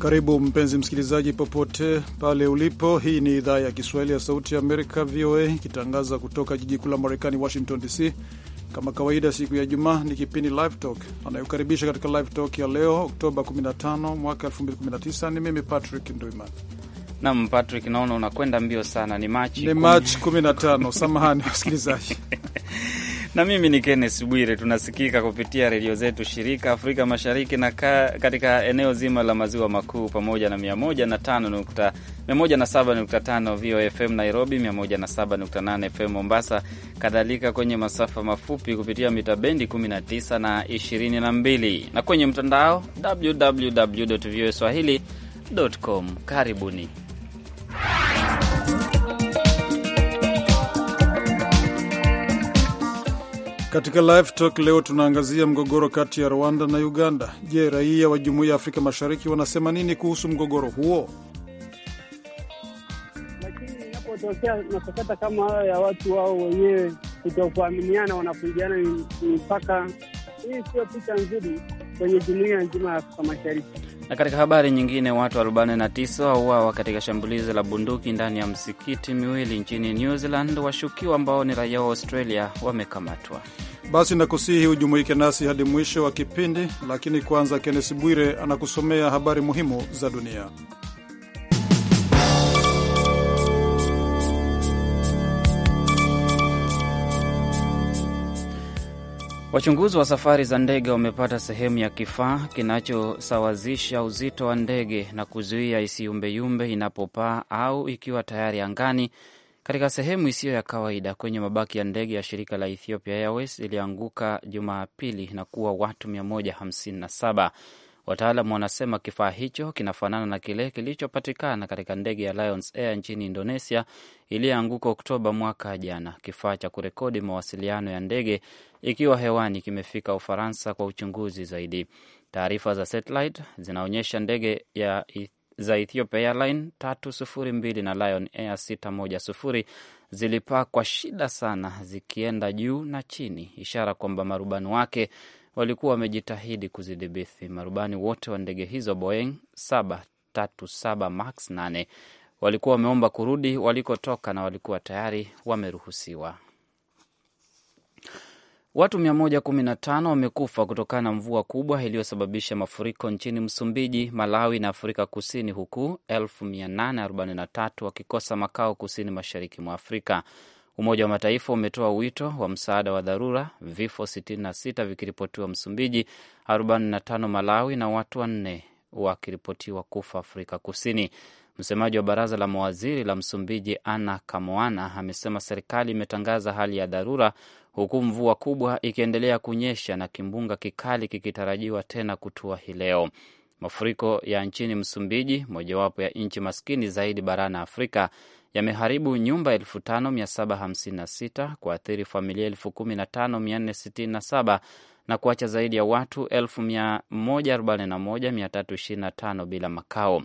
Karibu mpenzi msikilizaji, popote pale ulipo. Hii ni idhaa ya Kiswahili ya Sauti ya Amerika, VOA, ikitangaza kutoka jiji kuu la Marekani, Washington DC. Kama kawaida, siku ya Jumaa ni kipindi Live Talk anayokaribisha katika Live Talk ya leo Oktoba 15 mwaka 2019 ni mimi Patrick Ndwiman. Nam Patrick, naona unakwenda mbio sana. Ni Machi ni Machi 15 samahani wasikilizaji na mimi ni kennes Bwire. Tunasikika kupitia redio zetu shirika Afrika Mashariki na ka, katika eneo zima la maziwa makuu pamoja na 107.5 VOA FM Nairobi, 107.8 FM Mombasa, kadhalika kwenye masafa mafupi kupitia mita bendi 19 na 22 na kwenye mtandao www voa swahili com. Karibuni. Katika Live Talk leo tunaangazia mgogoro kati ya Rwanda na Uganda. Je, raia wa Jumuiya ya Afrika Mashariki wanasema nini kuhusu mgogoro huo? Lakini inapotokea masakata kama hayo ya watu wao wenyewe kutokuaminiana, wanafungiana mipaka, hii sio picha nzuri kwenye jumuiya nzima ya Afrika Mashariki. Na katika habari nyingine, watu 49 wauawa katika shambulizi la bunduki ndani ya msikiti miwili nchini New Zealand. Washukiwa ambao ni raia wa Australia wamekamatwa. Basi nakusihi hujumuike nasi hadi mwisho wa kipindi, lakini kwanza, Kennes Bwire anakusomea habari muhimu za dunia. Wachunguzi wa safari za ndege wamepata sehemu ya kifaa kinachosawazisha uzito wa ndege na kuzuia isiyumbeyumbe inapopaa au ikiwa tayari angani katika sehemu isiyo ya kawaida kwenye mabaki ya ndege ya shirika la Ethiopia Airways ilianguka Jumapili na kuwa watu 157. Wataalam wanasema kifaa hicho kinafanana na kile kilichopatikana katika ndege ya Lions Air nchini Indonesia iliyoanguka Oktoba mwaka jana. Kifaa cha kurekodi mawasiliano ya ndege ikiwa hewani kimefika Ufaransa kwa uchunguzi zaidi. Taarifa za satellite zinaonyesha ndege ya za Ethiopia Airline 302 na Lion Air 610 zilipaa kwa shida sana zikienda juu na chini, ishara kwamba marubani wake walikuwa wamejitahidi kuzidhibiti. Marubani wote wa ndege hizo Boeing 737 max 8 walikuwa wameomba kurudi walikotoka na walikuwa tayari wameruhusiwa. Watu 115 wamekufa kutokana na mvua kubwa iliyosababisha mafuriko nchini Msumbiji, Malawi na Afrika Kusini, huku 843 wakikosa makao kusini mashariki mwa Afrika. Umoja wa Mataifa umetoa wito wa msaada wa dharura, vifo 66 vikiripotiwa Msumbiji, 45 Malawi na watu wanne wakiripotiwa kufa Afrika Kusini. Msemaji wa baraza la mawaziri la Msumbiji, Ana Kamoana, amesema serikali imetangaza hali ya dharura huku mvua kubwa ikiendelea kunyesha na kimbunga kikali kikitarajiwa tena kutua hii leo. Mafuriko ya nchini Msumbiji, mojawapo ya nchi maskini zaidi barani Afrika, yameharibu nyumba 5756 kuathiri familia 15467 na kuacha zaidi ya watu 141325 bila makao.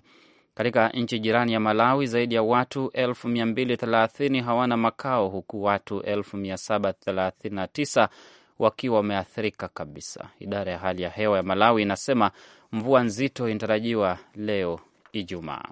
Katika nchi jirani ya Malawi, zaidi ya watu 230 hawana makao huku watu 739,000 wakiwa wameathirika kabisa. Idara ya hali ya hewa ya Malawi inasema mvua nzito inatarajiwa leo Ijumaa.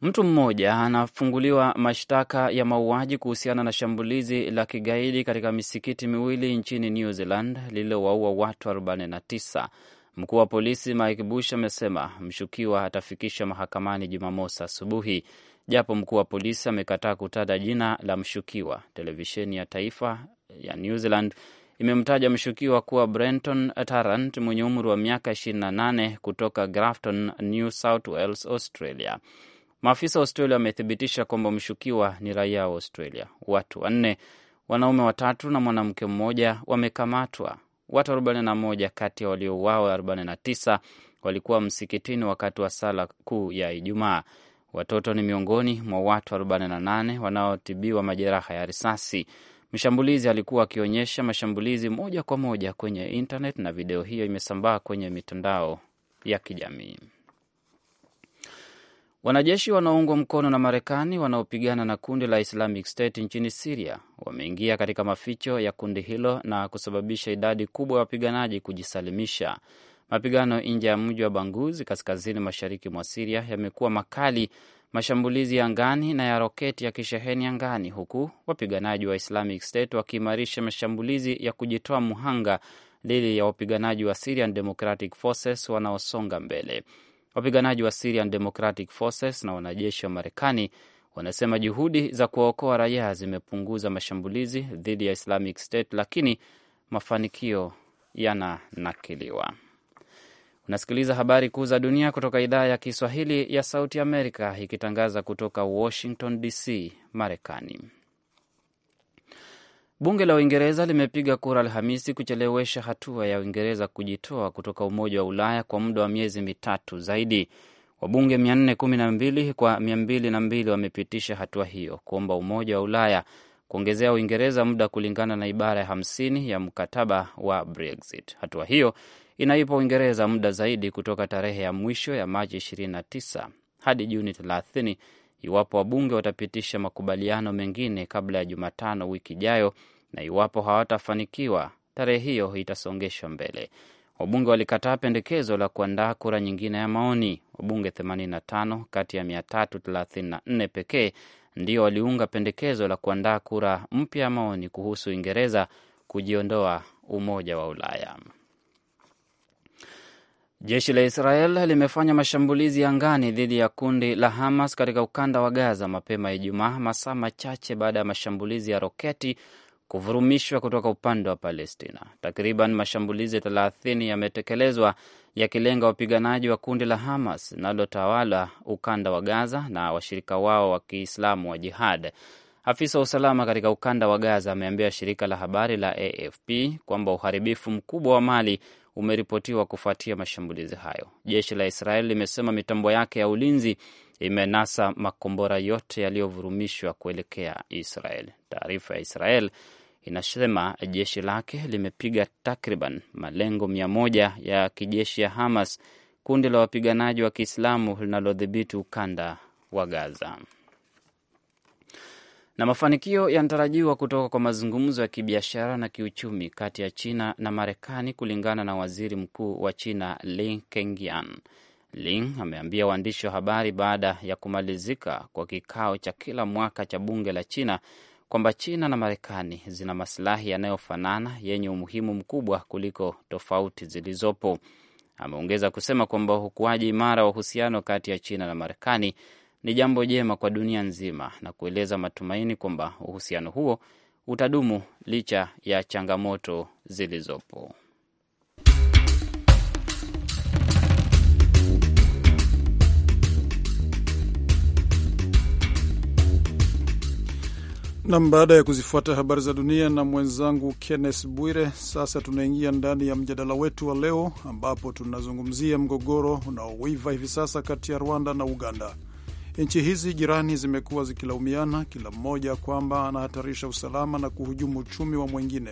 Mtu mmoja anafunguliwa mashtaka ya mauaji kuhusiana na shambulizi la kigaidi katika misikiti miwili nchini New Zealand lililowaua watu 49. Mkuu wa polisi Mike Bush amesema mshukiwa atafikisha mahakamani Jumamosi asubuhi, japo mkuu wa polisi amekataa kutaja jina la mshukiwa. Televisheni ya taifa ya New Zealand imemtaja mshukiwa kuwa Brenton Tarrant mwenye umri wa miaka 28 kutoka Grafton, New South Wales, Australia. Maafisa wa Australia wamethibitisha kwamba mshukiwa ni raia wa Australia. Watu wanne, wanaume watatu na mwanamke mmoja, wamekamatwa. Watu 41 kati ya waliouawa 49 walikuwa msikitini wakati wa sala kuu ya Ijumaa. Watoto ni miongoni mwa watu 48 wanaotibiwa majeraha ya risasi. Mshambulizi alikuwa akionyesha mashambulizi moja kwa moja kwenye intanet na video hiyo imesambaa kwenye mitandao ya kijamii. Wanajeshi wanaoungwa mkono na Marekani wanaopigana na kundi la Islamic State nchini Siria wameingia katika maficho ya kundi hilo na kusababisha idadi kubwa ya wapiganaji kujisalimisha. Mapigano nje ya mji wa Banguzi, kaskazini mashariki mwa Siria, yamekuwa makali, mashambulizi ya angani na ya roketi yakisheheni angani, huku wapiganaji wa Islamic State wakiimarisha mashambulizi ya kujitoa muhanga dhidi ya wapiganaji wa Syrian Democratic Forces wanaosonga mbele. Wapiganaji wa Syrian Democratic Forces na wanajeshi wa Marekani wanasema juhudi za kuwaokoa raia zimepunguza mashambulizi dhidi ya Islamic State, lakini mafanikio yananakiliwa. Unasikiliza habari kuu za dunia kutoka idhaa ya Kiswahili ya Sauti Amerika, ikitangaza kutoka Washington DC, Marekani. Bunge la Uingereza limepiga kura Alhamisi kuchelewesha hatua ya Uingereza kujitoa kutoka Umoja wa Ulaya kwa muda wa miezi mitatu zaidi. Wabunge 412 kwa 202 wamepitisha hatua hiyo kuomba Umoja wa Ulaya kuongezea Uingereza muda kulingana na ibara ya 50 ya mkataba wa Brexit. Hatua hiyo inaipa Uingereza muda zaidi kutoka tarehe ya mwisho ya Machi 29 hadi Juni 30 iwapo wabunge watapitisha makubaliano mengine kabla ya Jumatano wiki ijayo na iwapo hawatafanikiwa, tarehe hiyo itasongeshwa mbele. Wabunge walikataa pendekezo la kuandaa kura nyingine ya maoni. Wabunge 85 kati ya 334 pekee ndio waliunga pendekezo la kuandaa kura mpya ya maoni kuhusu Uingereza kujiondoa Umoja wa Ulaya. Jeshi la Israel limefanya mashambulizi angani dhidi ya kundi la Hamas katika ukanda wa Gaza mapema Ijumaa, masaa machache baada ya mashambulizi ya roketi kuvurumishwa kutoka upande wa Palestina. Takriban mashambulizi thelathini yametekelezwa yakilenga wapiganaji wa kundi la Hamas linalotawala ukanda wa Gaza na washirika wao wa Kiislamu wa Jihad. Afisa wa usalama katika ukanda wa Gaza ameambia shirika la habari la AFP kwamba uharibifu mkubwa wa mali umeripotiwa kufuatia mashambulizi hayo. Jeshi la Israeli limesema mitambo yake ya ulinzi imenasa makombora yote yaliyovurumishwa kuelekea Israel. Taarifa ya Israel inasema jeshi lake limepiga takriban malengo mia moja ya kijeshi ya Hamas, kundi la wapiganaji wa Kiislamu linalodhibiti ukanda wa Gaza. Na mafanikio yanatarajiwa kutoka kwa mazungumzo ya kibiashara na kiuchumi kati ya China na Marekani, kulingana na waziri mkuu wa China Li kengyan Ling ameambia waandishi wa habari baada ya kumalizika kwa kikao cha kila mwaka cha bunge la China kwamba China na Marekani zina masilahi yanayofanana yenye umuhimu mkubwa kuliko tofauti zilizopo. Ameongeza kusema kwamba ukuaji imara wa uhusiano kati ya China na Marekani ni jambo jema kwa dunia nzima na kueleza matumaini kwamba uhusiano huo utadumu licha ya changamoto zilizopo. Nam, baada ya kuzifuata habari za dunia na mwenzangu Kenneth Bwire, sasa tunaingia ndani ya mjadala wetu wa leo, ambapo tunazungumzia mgogoro unaowiva hivi sasa kati ya Rwanda na Uganda. Nchi hizi jirani zimekuwa zikilaumiana kila mmoja kwamba anahatarisha usalama na kuhujumu uchumi wa mwingine.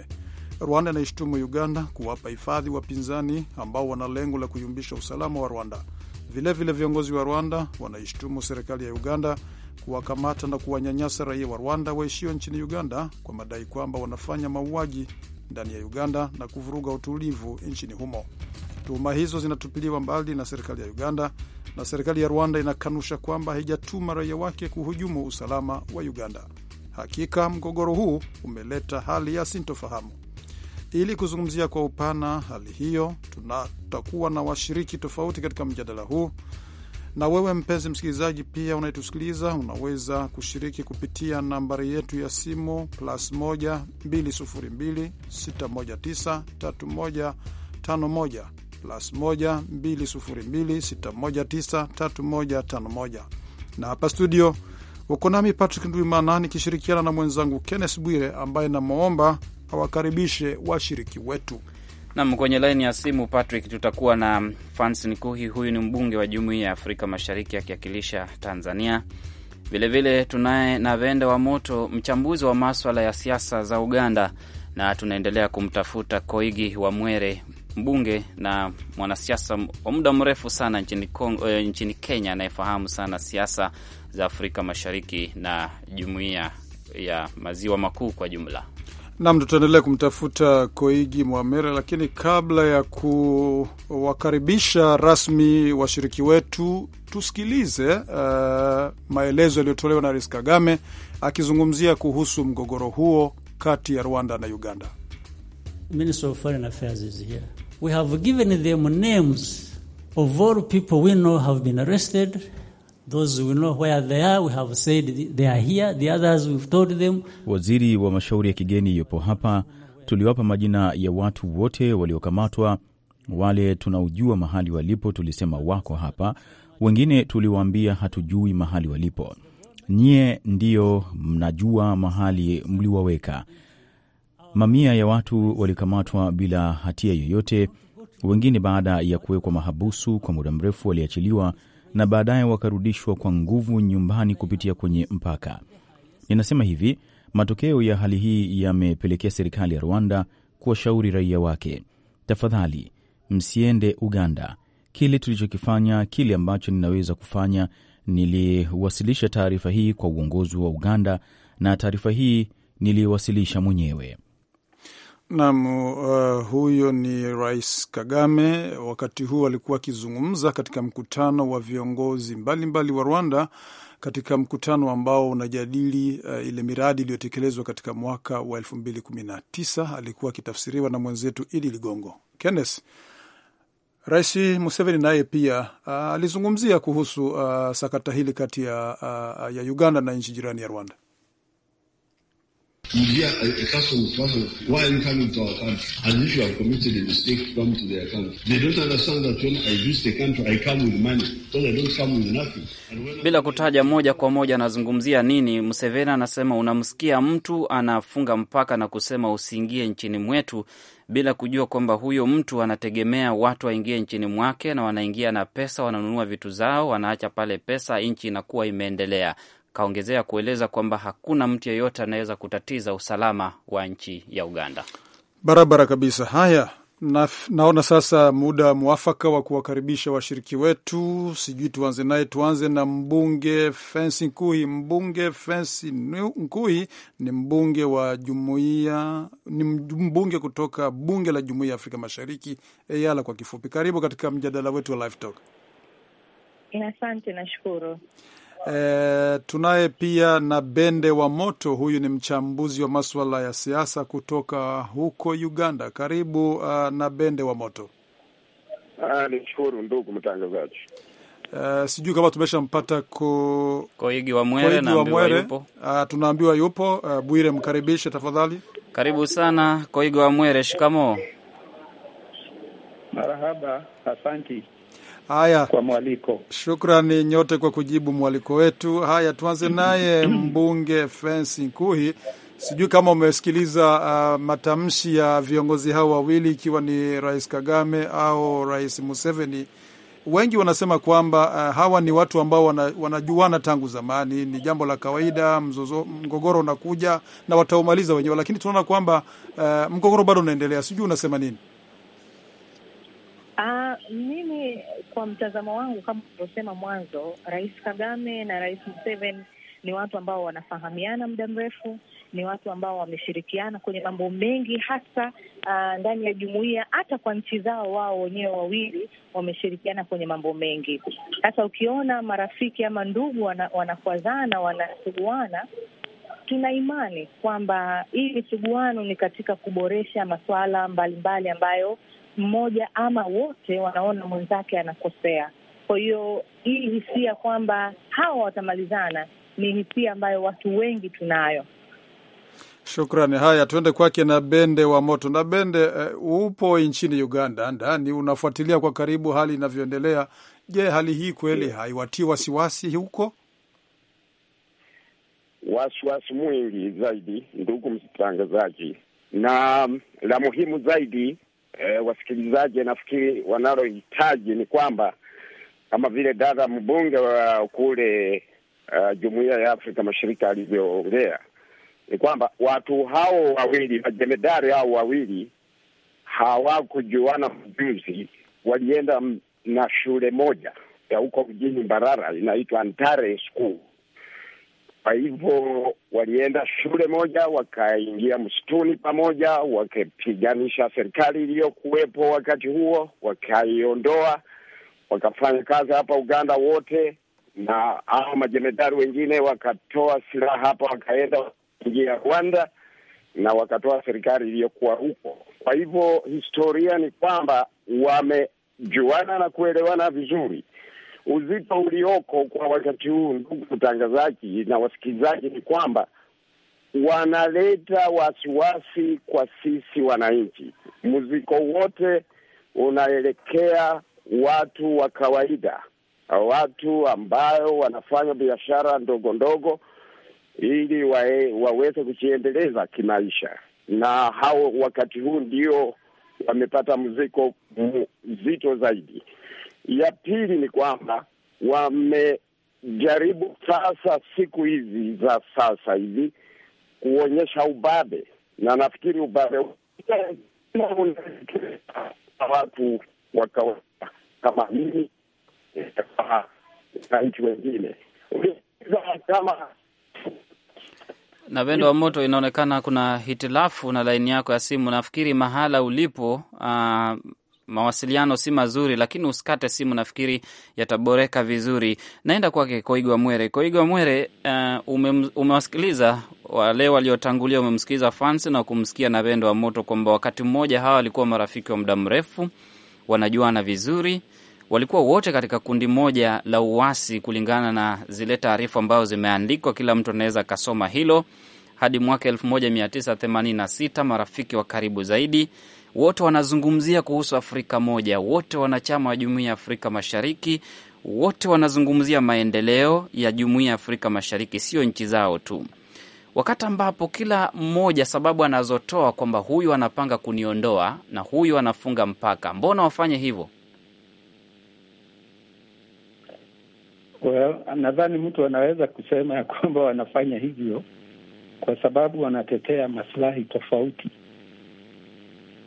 Rwanda inaishtumu Uganda kuwapa hifadhi wapinzani ambao wana lengo la kuyumbisha usalama wa Rwanda. Vilevile vile viongozi wa Rwanda wanaishtumu serikali ya Uganda kuwakamata na kuwanyanyasa raia wa Rwanda waishio nchini Uganda kwa madai kwamba wanafanya mauaji ndani ya Uganda na kuvuruga utulivu nchini humo. Tuhuma hizo zinatupiliwa mbali na serikali ya Uganda na serikali ya Rwanda inakanusha kwamba haijatuma raia wake kuhujumu usalama wa Uganda. Hakika mgogoro huu umeleta hali ya sintofahamu. Ili kuzungumzia kwa upana hali hiyo, tutakuwa na washiriki tofauti katika mjadala huu. Na wewe mpenzi msikilizaji, pia unayetusikiliza unaweza kushiriki kupitia nambari yetu ya simu plus 1 202 619 3151 Na hapa studio uko nami Patrick Ndwimana nikishirikiana na mwenzangu Kenneth Bwire ambaye namwomba awakaribishe washiriki wetu. Nam, kwenye laini ya simu Patrick, tutakuwa na Fansin Kuhi. Huyu ni mbunge wa Jumuiya ya Afrika Mashariki akiwakilisha Tanzania. Vilevile tunaye Navende wa Moto, mchambuzi wa maswala ya siasa za Uganda, na tunaendelea kumtafuta Koigi wa Mwere, mbunge na mwanasiasa wa muda mrefu sana nchini, Kongo, eh, nchini Kenya, anayefahamu sana siasa za Afrika Mashariki na jumuiya ya maziwa makuu kwa jumla. Nam, tutaendelea kumtafuta Koigi Mwamere, lakini kabla ya kuwakaribisha rasmi washiriki wetu, tusikilize uh, maelezo yaliyotolewa na Rais Kagame akizungumzia kuhusu mgogoro huo kati ya Rwanda na Uganda. Those we know where they are, we have said they are here. The others we've told them. Waziri wa mashauri ya kigeni yupo hapa, tuliwapa majina ya watu wote waliokamatwa. Wale tunaojua mahali walipo tulisema wako hapa, wengine tuliwaambia hatujui mahali walipo. Nyie ndio mnajua mahali mliwaweka. Mamia ya watu walikamatwa bila hatia yoyote, wengine baada ya kuwekwa mahabusu kwa muda mrefu waliachiliwa na baadaye wakarudishwa kwa nguvu nyumbani kupitia kwenye mpaka. Ninasema hivi, matokeo ya hali hii yamepelekea serikali ya Rwanda kuwashauri raia wake, tafadhali msiende Uganda. Kile tulichokifanya, kile ambacho ninaweza kufanya, niliwasilisha taarifa hii kwa uongozi wa Uganda na taarifa hii niliwasilisha mwenyewe. Naam, uh, huyo ni Rais Kagame. Wakati huu alikuwa akizungumza katika mkutano wa viongozi mbalimbali mbali wa Rwanda, katika mkutano ambao unajadili uh, ile miradi iliyotekelezwa katika mwaka wa elfu mbili kumi na tisa. Alikuwa akitafsiriwa na mwenzetu Idi Ligongo. Kennes. Rais Museveni naye pia uh, alizungumzia kuhusu uh, sakata hili kati ya, uh, ya Uganda na nchi jirani ya Rwanda. Eh, eh, you a, a person person why are you coming to our country? As if you have committed a mistake, come to their country. They don't understand that when I visit the country I come with money, so I don't come with nothing. Bila kutaja moja kwa moja anazungumzia nini, Museveni anasema unamsikia mtu anafunga mpaka na kusema usiingie nchini mwetu bila kujua kwamba huyo mtu anategemea watu waingie nchini mwake, na wanaingia na pesa, wananunua vitu zao, wanaacha pale pesa, nchi inakuwa imeendelea. Kaongezea kueleza kwamba hakuna mtu yeyote anaweza kutatiza usalama wa nchi ya Uganda. Barabara kabisa. Haya, na, naona sasa muda mwafaka wa kuwakaribisha washiriki wetu. Sijui tuanze naye, tuanze na mbunge Fensi Nkuhi. Mbunge Fensi Nkuhi ni mbunge wa jumuiya, ni mbunge kutoka bunge la jumuiya ya Afrika Mashariki, EALA kwa kifupi. Karibu katika mjadala wetu wa Live Talk. Asante, nashukuru. E, tunaye pia na Bende wa Moto, huyu ni mchambuzi wa maswala ya siasa kutoka huko Uganda. Karibu uh, na Bende wa Moto. Ah, Nishukuru ndugu mtangazaji. Uh, sijui kama tumeshampata ko... Koigi wa Mwere, naambiwa yupo. Uh, tunaambiwa yupo. Uh, Bwire, mkaribishe tafadhali. Karibu sana Koigi wa Mwere, shikamo. Marahaba, asanti. Haya, kwa mwaliko. Shukrani nyote kwa kujibu mwaliko wetu. Haya, tuanze naye mbunge Fensi Nkuhi. Sijui kama umesikiliza uh, matamshi ya viongozi hao wawili, ikiwa ni Rais Kagame au Rais Museveni. Wengi wanasema kwamba uh, hawa ni watu ambao wana, wanajuana tangu zamani, ni jambo la kawaida. Mzozo, mgogoro unakuja na wataumaliza wenyewe, lakini tunaona kwamba uh, mgogoro bado unaendelea. Sijui unasema nini? Uh, mimi kwa mtazamo wangu, kama ulivyosema mwanzo, Rais Kagame na Rais Museveni ni watu ambao wanafahamiana muda mrefu, ni watu ambao wameshirikiana kwenye mambo mengi, hasa uh, ndani ya jumuiya. Hata kwa nchi zao wao wenyewe wawili wameshirikiana kwenye mambo mengi. Sasa ukiona marafiki ama ndugu wanakwazana, wana wanasuguana, tuna imani kwamba hii misuguano ni katika kuboresha masuala mbalimbali ambayo mmoja ama wote wanaona mwenzake anakosea. Kwa hiyo hii hisia kwamba hawa watamalizana ni hisia ambayo watu wengi tunayo. Shukrani. Haya, tuende kwake na Bende wa Moto. Na Bende, uh, upo nchini Uganda ndani, unafuatilia kwa karibu hali inavyoendelea. Je, hali hii kweli haiwatii wasiwasi huko? Wasiwasi mwingi zaidi, ndugu mtangazaji, na la muhimu zaidi e, wasikilizaji nafikiri wanalohitaji ni kwamba kama vile dada mbunge wa kule uh, Jumuiya ya Afrika Mashariki alivyoongea ni kwamba watu hao wawili majemedari hao wawili hawakujuana mjuzi, walienda na shule moja ya huko mjini Mbarara inaitwa Antare School kwa hivyo walienda shule moja, wakaingia msituni pamoja, wakapiganisha serikali iliyokuwepo wakati huo, wakaiondoa, wakafanya kazi hapa Uganda wote, na hao majemedari wengine wakatoa silaha hapa, wakaenda ingia Rwanda na wakatoa serikali iliyokuwa huko. Kwa hivyo historia ni kwamba wamejuana na kuelewana vizuri uzito ulioko kwa wakati huu, ndugu mtangazaji na wasikilizaji, ni kwamba wanaleta wasiwasi kwa sisi wananchi. Muziko wote unaelekea watu wa kawaida, watu ambayo wanafanya biashara ndogo ndogo ili wae, waweze kujiendeleza kimaisha, na hao wakati huu ndio wamepata mziko mzito zaidi. Ya pili ni kwamba wamejaribu sasa siku hizi za sasa hivi kuonyesha ubabe, na nafikiri ubabe watu wa kawaida kama mimi na nchi wengine kama na Vendo wa Moto, inaonekana kuna hitilafu na laini yako ya simu. Nafikiri mahala ulipo, uh, mawasiliano si mazuri, lakini usikate simu, nafikiri yataboreka vizuri. Naenda kwake Koigwa Mwere. Koigwa Mwere, uh, ume, umewasikiliza wale waliotangulia, umemsikiliza Fansi na kumsikia na Vendo wa Moto kwamba wakati mmoja hawa walikuwa marafiki wa muda mrefu, wanajuana vizuri, walikuwa wote katika kundi moja la uasi, kulingana na zile taarifa ambazo zimeandikwa, kila mtu anaweza akasoma hilo, hadi mwaka 1986 marafiki wa karibu zaidi wote wanazungumzia kuhusu Afrika moja, wote wanachama wa Jumuiya ya Afrika Mashariki, wote wanazungumzia maendeleo ya Jumuiya ya Afrika Mashariki, sio nchi zao tu, wakati ambapo kila mmoja sababu anazotoa kwamba huyu anapanga kuniondoa na huyu anafunga mpaka. Mbona wafanye hivyo? Well, nadhani mtu anaweza kusema ya kwamba wanafanya hivyo kwa sababu wanatetea maslahi tofauti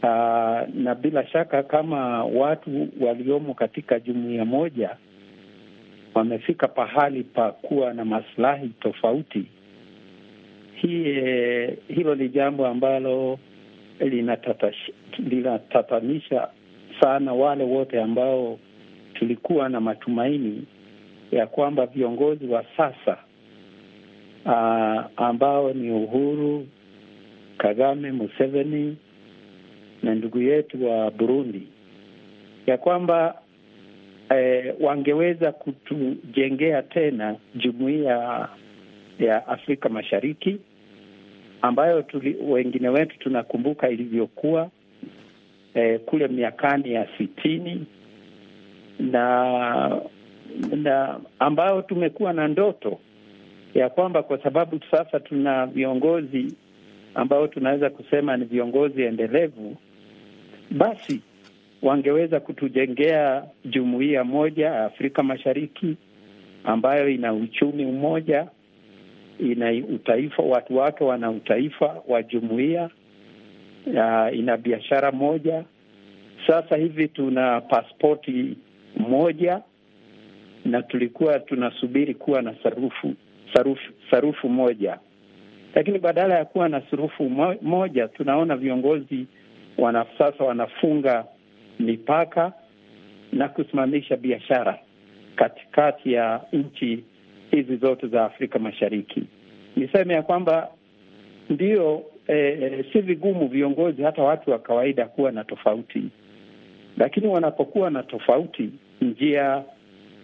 Aa, ah, na bila shaka kama watu waliomo katika jumuiya moja wamefika pahali pa kuwa na maslahi tofauti, hii hilo ni jambo ambalo linatatanisha sana wale wote ambao tulikuwa na matumaini ya kwamba viongozi wa sasa aa, ah, ambao ni Uhuru, Kagame, Museveni na ndugu yetu wa Burundi ya kwamba eh, wangeweza kutujengea tena jumuiya ya Afrika Mashariki ambayo tuli, wengine wetu tunakumbuka ilivyokuwa eh, kule miakani ya sitini na na ambayo tumekuwa na ndoto ya kwamba kwa sababu sasa tuna viongozi ambao tunaweza kusema ni viongozi endelevu basi wangeweza kutujengea jumuiya moja Afrika Mashariki ambayo ina uchumi mmoja, ina utaifa, watu wake wana utaifa wa jumuiya, ina biashara moja. Sasa hivi tuna paspoti moja na tulikuwa tunasubiri kuwa na sarufu sarufu sarufu moja, lakini badala ya kuwa na sarufu moja tunaona viongozi wana, sasa wanafunga mipaka na kusimamisha biashara katikati ya nchi hizi zote za Afrika Mashariki. Niseme ya kwamba ndio e, si vigumu viongozi hata watu wa kawaida kuwa na tofauti, lakini wanapokuwa na tofauti, njia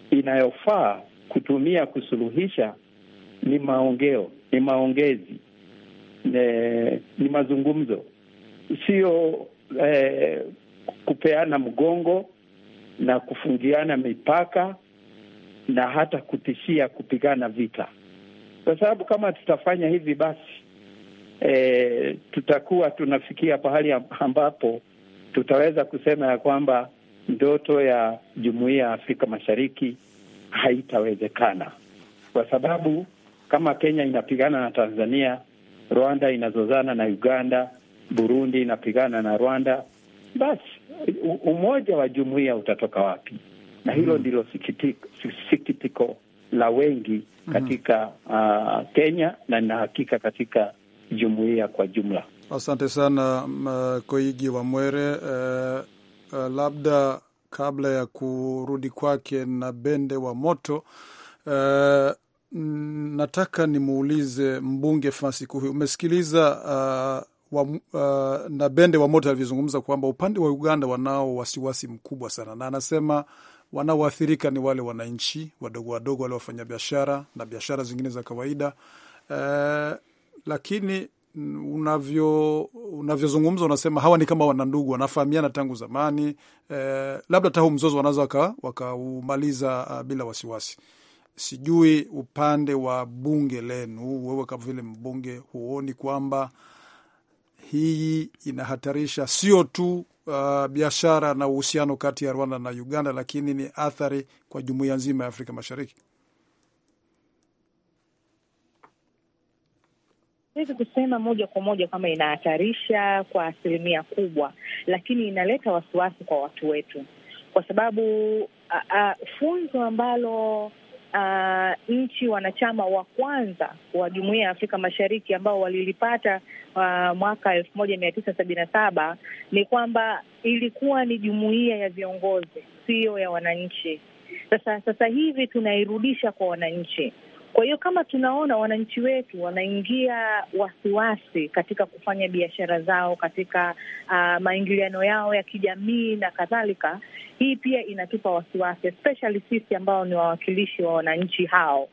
inayofaa kutumia kusuluhisha ni maongeo, ni maongezi, ne, ni mazungumzo sio eh, kupeana mgongo na kufungiana mipaka na hata kutishia kupigana vita, kwa sababu kama tutafanya hivi basi eh, tutakuwa tunafikia pahali ambapo tutaweza kusema ya kwamba ndoto ya jumuiya ya Afrika Mashariki haitawezekana, kwa sababu kama Kenya inapigana na Tanzania, Rwanda inazozana na Uganda, Burundi inapigana na Rwanda, basi umoja wa jumuiya utatoka wapi? Na hilo hmm. ndilo sikitiko, sikitiko la wengi hmm. katika uh, Kenya na nina hakika katika jumuiya kwa jumla. Asante sana Koigi wa Mwere. Uh, uh, labda kabla ya kurudi kwake na Bende wa Moto, uh, nataka nimuulize mbunge Francis Kuhi, umesikiliza uh, wa, uh, na Bende wa Moto alivyozungumza kwamba upande wa Uganda wanao wasiwasi mkubwa sana, na anasema wanaoathirika ni wale wananchi wadogo wadogo, wale wafanya biashara na biashara zingine za kawaida uh, lakini unavyo unavyozungumza unasema hawa ni kama wanandugu, wanafahamiana tangu zamani eh, labda hata huu mzozo wanaweza wakaumaliza uh, bila wasiwasi. Sijui upande wa bunge lenu, wewe kama vile mbunge, huoni kwamba uh, hii inahatarisha sio tu uh, biashara na uhusiano kati ya Rwanda na Uganda, lakini ni athari kwa jumuiya nzima ya Afrika Mashariki. Siwezi kusema moja kwa moja kama inahatarisha kwa asilimia kubwa, lakini inaleta wasiwasi kwa watu wetu, kwa sababu uh, uh, funzo ambalo uh, nchi wanachama wa kwanza wa jumuiya ya Afrika Mashariki ambao walilipata uh, mwaka elfu moja mia tisa sabini na saba ni kwamba ilikuwa ni jumuiya ya viongozi, siyo ya wananchi. Sasa sasa hivi tunairudisha kwa wananchi. Kwa hiyo kama tunaona wananchi wetu wanaingia wasiwasi katika kufanya biashara zao, katika uh, maingiliano yao ya kijamii na kadhalika, hii pia inatupa wasiwasi, especially sisi ambao ni wawakilishi wa wananchi hao.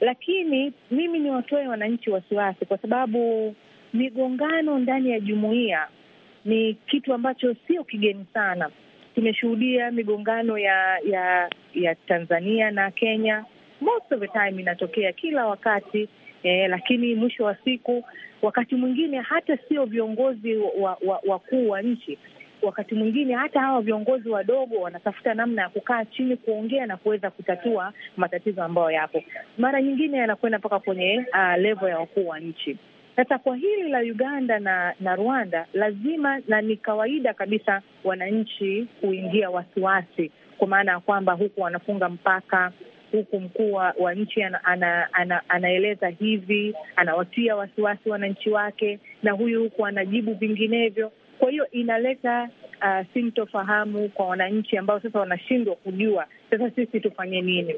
Lakini mimi niwatoe wananchi wasiwasi, kwa sababu migongano ndani ya jumuiya ni kitu ambacho sio kigeni sana. Tumeshuhudia migongano ya ya ya Tanzania na Kenya most of the time inatokea kila wakati eh, lakini mwisho wa siku, wakati mwingine hata sio viongozi wakuu wa, wa, wa, wa nchi wakati mwingine hata hawa viongozi wadogo wanatafuta namna ya kukaa chini kuongea na kuweza kutatua matatizo ambayo yapo. Mara nyingine yanakwenda mpaka kwenye uh, ah, levo ya wakuu wa nchi. Sasa kwa hili la Uganda na na Rwanda, lazima na ni kawaida kabisa wananchi kuingia wasiwasi, kwa maana ya kwamba huku wanafunga mpaka huku mkuu wa nchi ana, ana, ana, anaeleza hivi, anawatia wasiwasi wananchi wake, na huyu huku anajibu vinginevyo. Kwa hiyo inaleta uh, sintofahamu kwa wananchi ambao sasa wanashindwa kujua sasa sisi tufanye nini.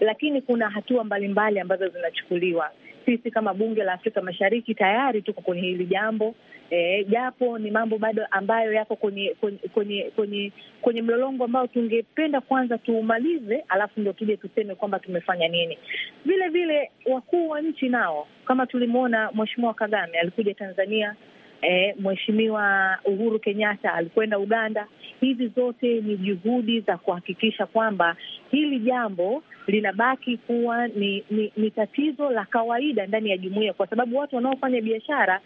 Lakini kuna hatua mbalimbali mbali ambazo zinachukuliwa sisi kama bunge la Afrika Mashariki tayari tuko kwenye hili jambo e, japo ni mambo bado ambayo yako kwenye kwenye kwenye kwenye, kwenye mlolongo ambao tungependa kwanza tuumalize, alafu ndio tuje tuseme kwamba tumefanya nini. Vile vile wakuu wa nchi nao, kama tulimwona Mheshimiwa Kagame alikuja Tanzania eh, Mheshimiwa Uhuru Kenyatta alikwenda Uganda. Hizi zote ni juhudi za kuhakikisha kwamba hili jambo linabaki kuwa ni, ni, ni tatizo la kawaida ndani ya jumuiya, kwa sababu watu wanaofanya biashara,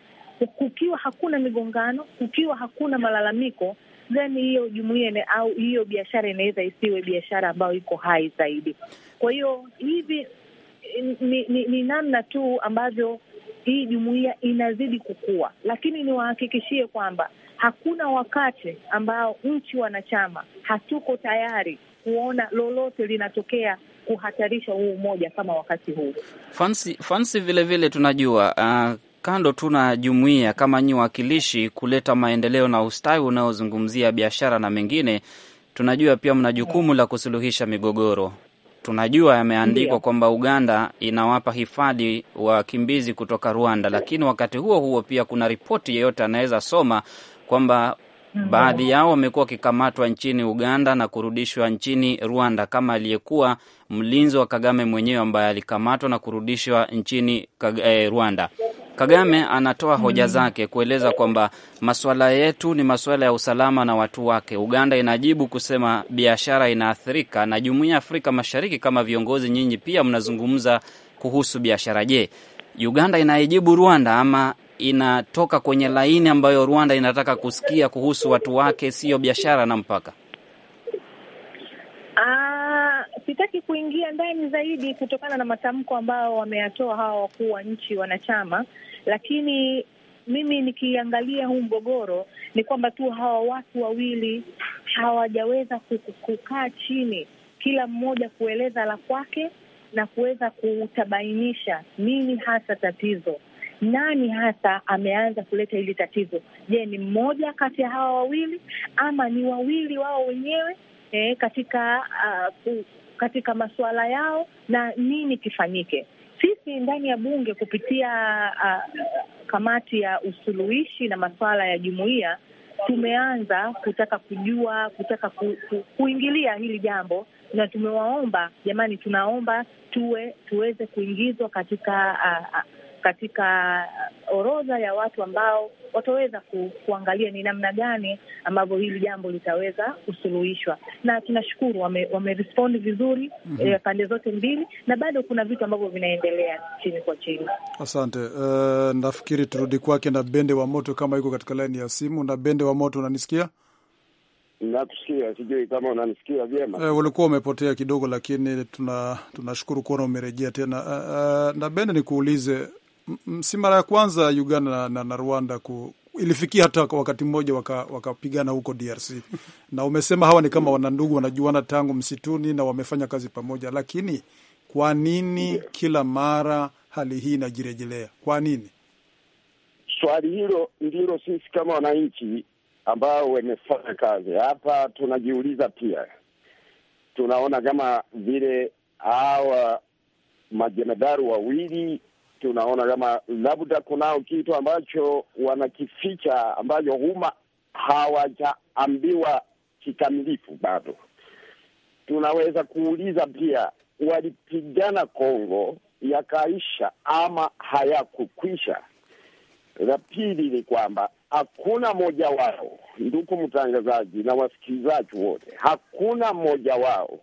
kukiwa hakuna migongano, kukiwa hakuna malalamiko then hiyo jumuia au hiyo biashara inaweza isiwe biashara ambayo iko hai zaidi. Kwa hiyo hivi ni, ni, ni namna tu ambavyo hii jumuiya inazidi kukua, lakini niwahakikishie kwamba hakuna wakati ambao nchi wanachama hatuko tayari kuona lolote linatokea kuhatarisha huu umoja kama wakati huu. Fansi, Fansi, vile vile tunajua uh kando tuna jumuiya kama nyi wakilishi kuleta maendeleo na ustawi unaozungumzia biashara na mengine, tunajua pia mna jukumu la kusuluhisha migogoro tunajua yameandikwa kwamba Uganda inawapa hifadhi wakimbizi kutoka Rwanda, lakini wakati huo huo pia kuna ripoti yeyote anaweza soma kwamba Mm. Baadhi yao wamekuwa wakikamatwa nchini Uganda na kurudishwa nchini Rwanda, kama aliyekuwa mlinzi wa Kagame mwenyewe ambaye alikamatwa na kurudishwa nchini eh, Rwanda. Kagame anatoa mm. hoja zake kueleza kwamba masuala yetu ni masuala ya usalama na watu wake. Uganda inajibu kusema biashara inaathirika, na jumuiya ya Afrika Mashariki, kama viongozi nyinyi pia mnazungumza kuhusu biashara. Je, Uganda inaijibu Rwanda ama inatoka kwenye laini ambayo Rwanda inataka kusikia kuhusu watu wake, siyo biashara na mpaka? Ah, sitaki kuingia ndani zaidi kutokana na matamko ambayo wameyatoa hawa wakuu wa nchi wanachama, lakini mimi nikiangalia huu mgogoro ni kwamba tu hawa watu wawili hawajaweza kukaa chini, kila mmoja kueleza la kwake na kuweza kutabainisha nini hasa tatizo, nani hasa ameanza kuleta hili tatizo. Je, ni mmoja kati ya hawa wawili ama ni wawili wao wenyewe eh, katika uh, katika masuala yao na nini kifanyike. Sisi ndani ya bunge kupitia uh, kamati ya usuluhishi na masuala ya jumuiya tumeanza kutaka kujua, kutaka ku, ku, kuingilia hili jambo na tumewaomba jamani, tunaomba tuwe tuweze kuingizwa katika uh, uh, katika orodha ya watu ambao wataweza ku, kuangalia ni namna gani ambavyo hili jambo litaweza kusuluhishwa, na tunashukuru wamerespondi wame vizuri mm -hmm. E, pande zote mbili, na bado kuna vitu ambavyo vinaendelea chini kwa chini. Asante. Uh, nafikiri turudi kwake na Bende wa Moto kama iko katika laini ya simu. Na Bende wa Moto, unanisikia? Nakusikia, sijui kama unanisikia vyema. Eh, ulikuwa umepotea kidogo, lakini tuna tunashukuru kuona umerejea tena. Uh, uh, na bende nikuulize, si mara ya kwanza Uganda na, na, na Rwanda ku ilifikia hata wakati mmoja wakapigana waka huko DRC na umesema hawa ni kama wanandugu, wanajuana tangu msituni na wamefanya kazi pamoja, lakini kwa nini yeah, kila mara hali hii inajirejelea? Kwa nini swali hilo ndilo sisi kama wananchi ambao wamefanya kazi hapa. Tunajiuliza pia, tunaona kama vile hawa majemadari wawili, tunaona kama labda kunao kitu ambacho wanakificha ambacho umma hawajaambiwa kikamilifu bado. Tunaweza kuuliza pia, walipigana Kongo yakaisha ama hayakukwisha? La pili ni kwamba hakuna mmoja wao, ndugu mtangazaji na wasikilizaji wote, hakuna mmoja wao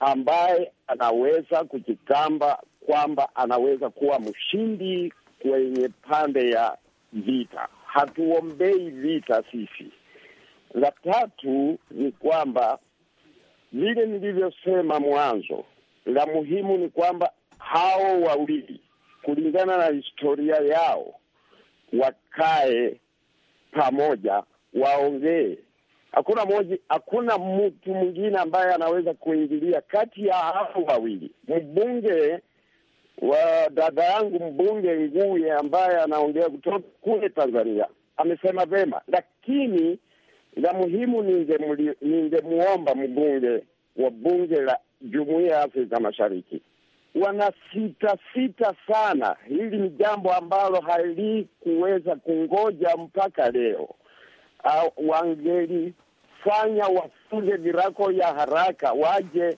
ambaye anaweza kujitamba kwamba anaweza kuwa mshindi kwenye pande ya vita. Hatuombei vita sisi. La tatu ni kwamba vile nilivyosema mwanzo, la muhimu ni kwamba hao wawili kulingana na historia yao wakae pamoja waongee. Hakuna moja, hakuna mtu mwingine ambaye anaweza kuingilia kati ya hao wawili. Mbunge wa dada yangu mbunge Nguye ambaye anaongea kutoka kule Tanzania amesema vema, lakini la muhimu, ningemwomba mbunge wa bunge la Jumuiya ya Afrika Mashariki wanasitasita sana. Hili ni jambo ambalo halikuweza kungoja mpaka leo. Uh, wangelifanya wafunge virako ya haraka, waje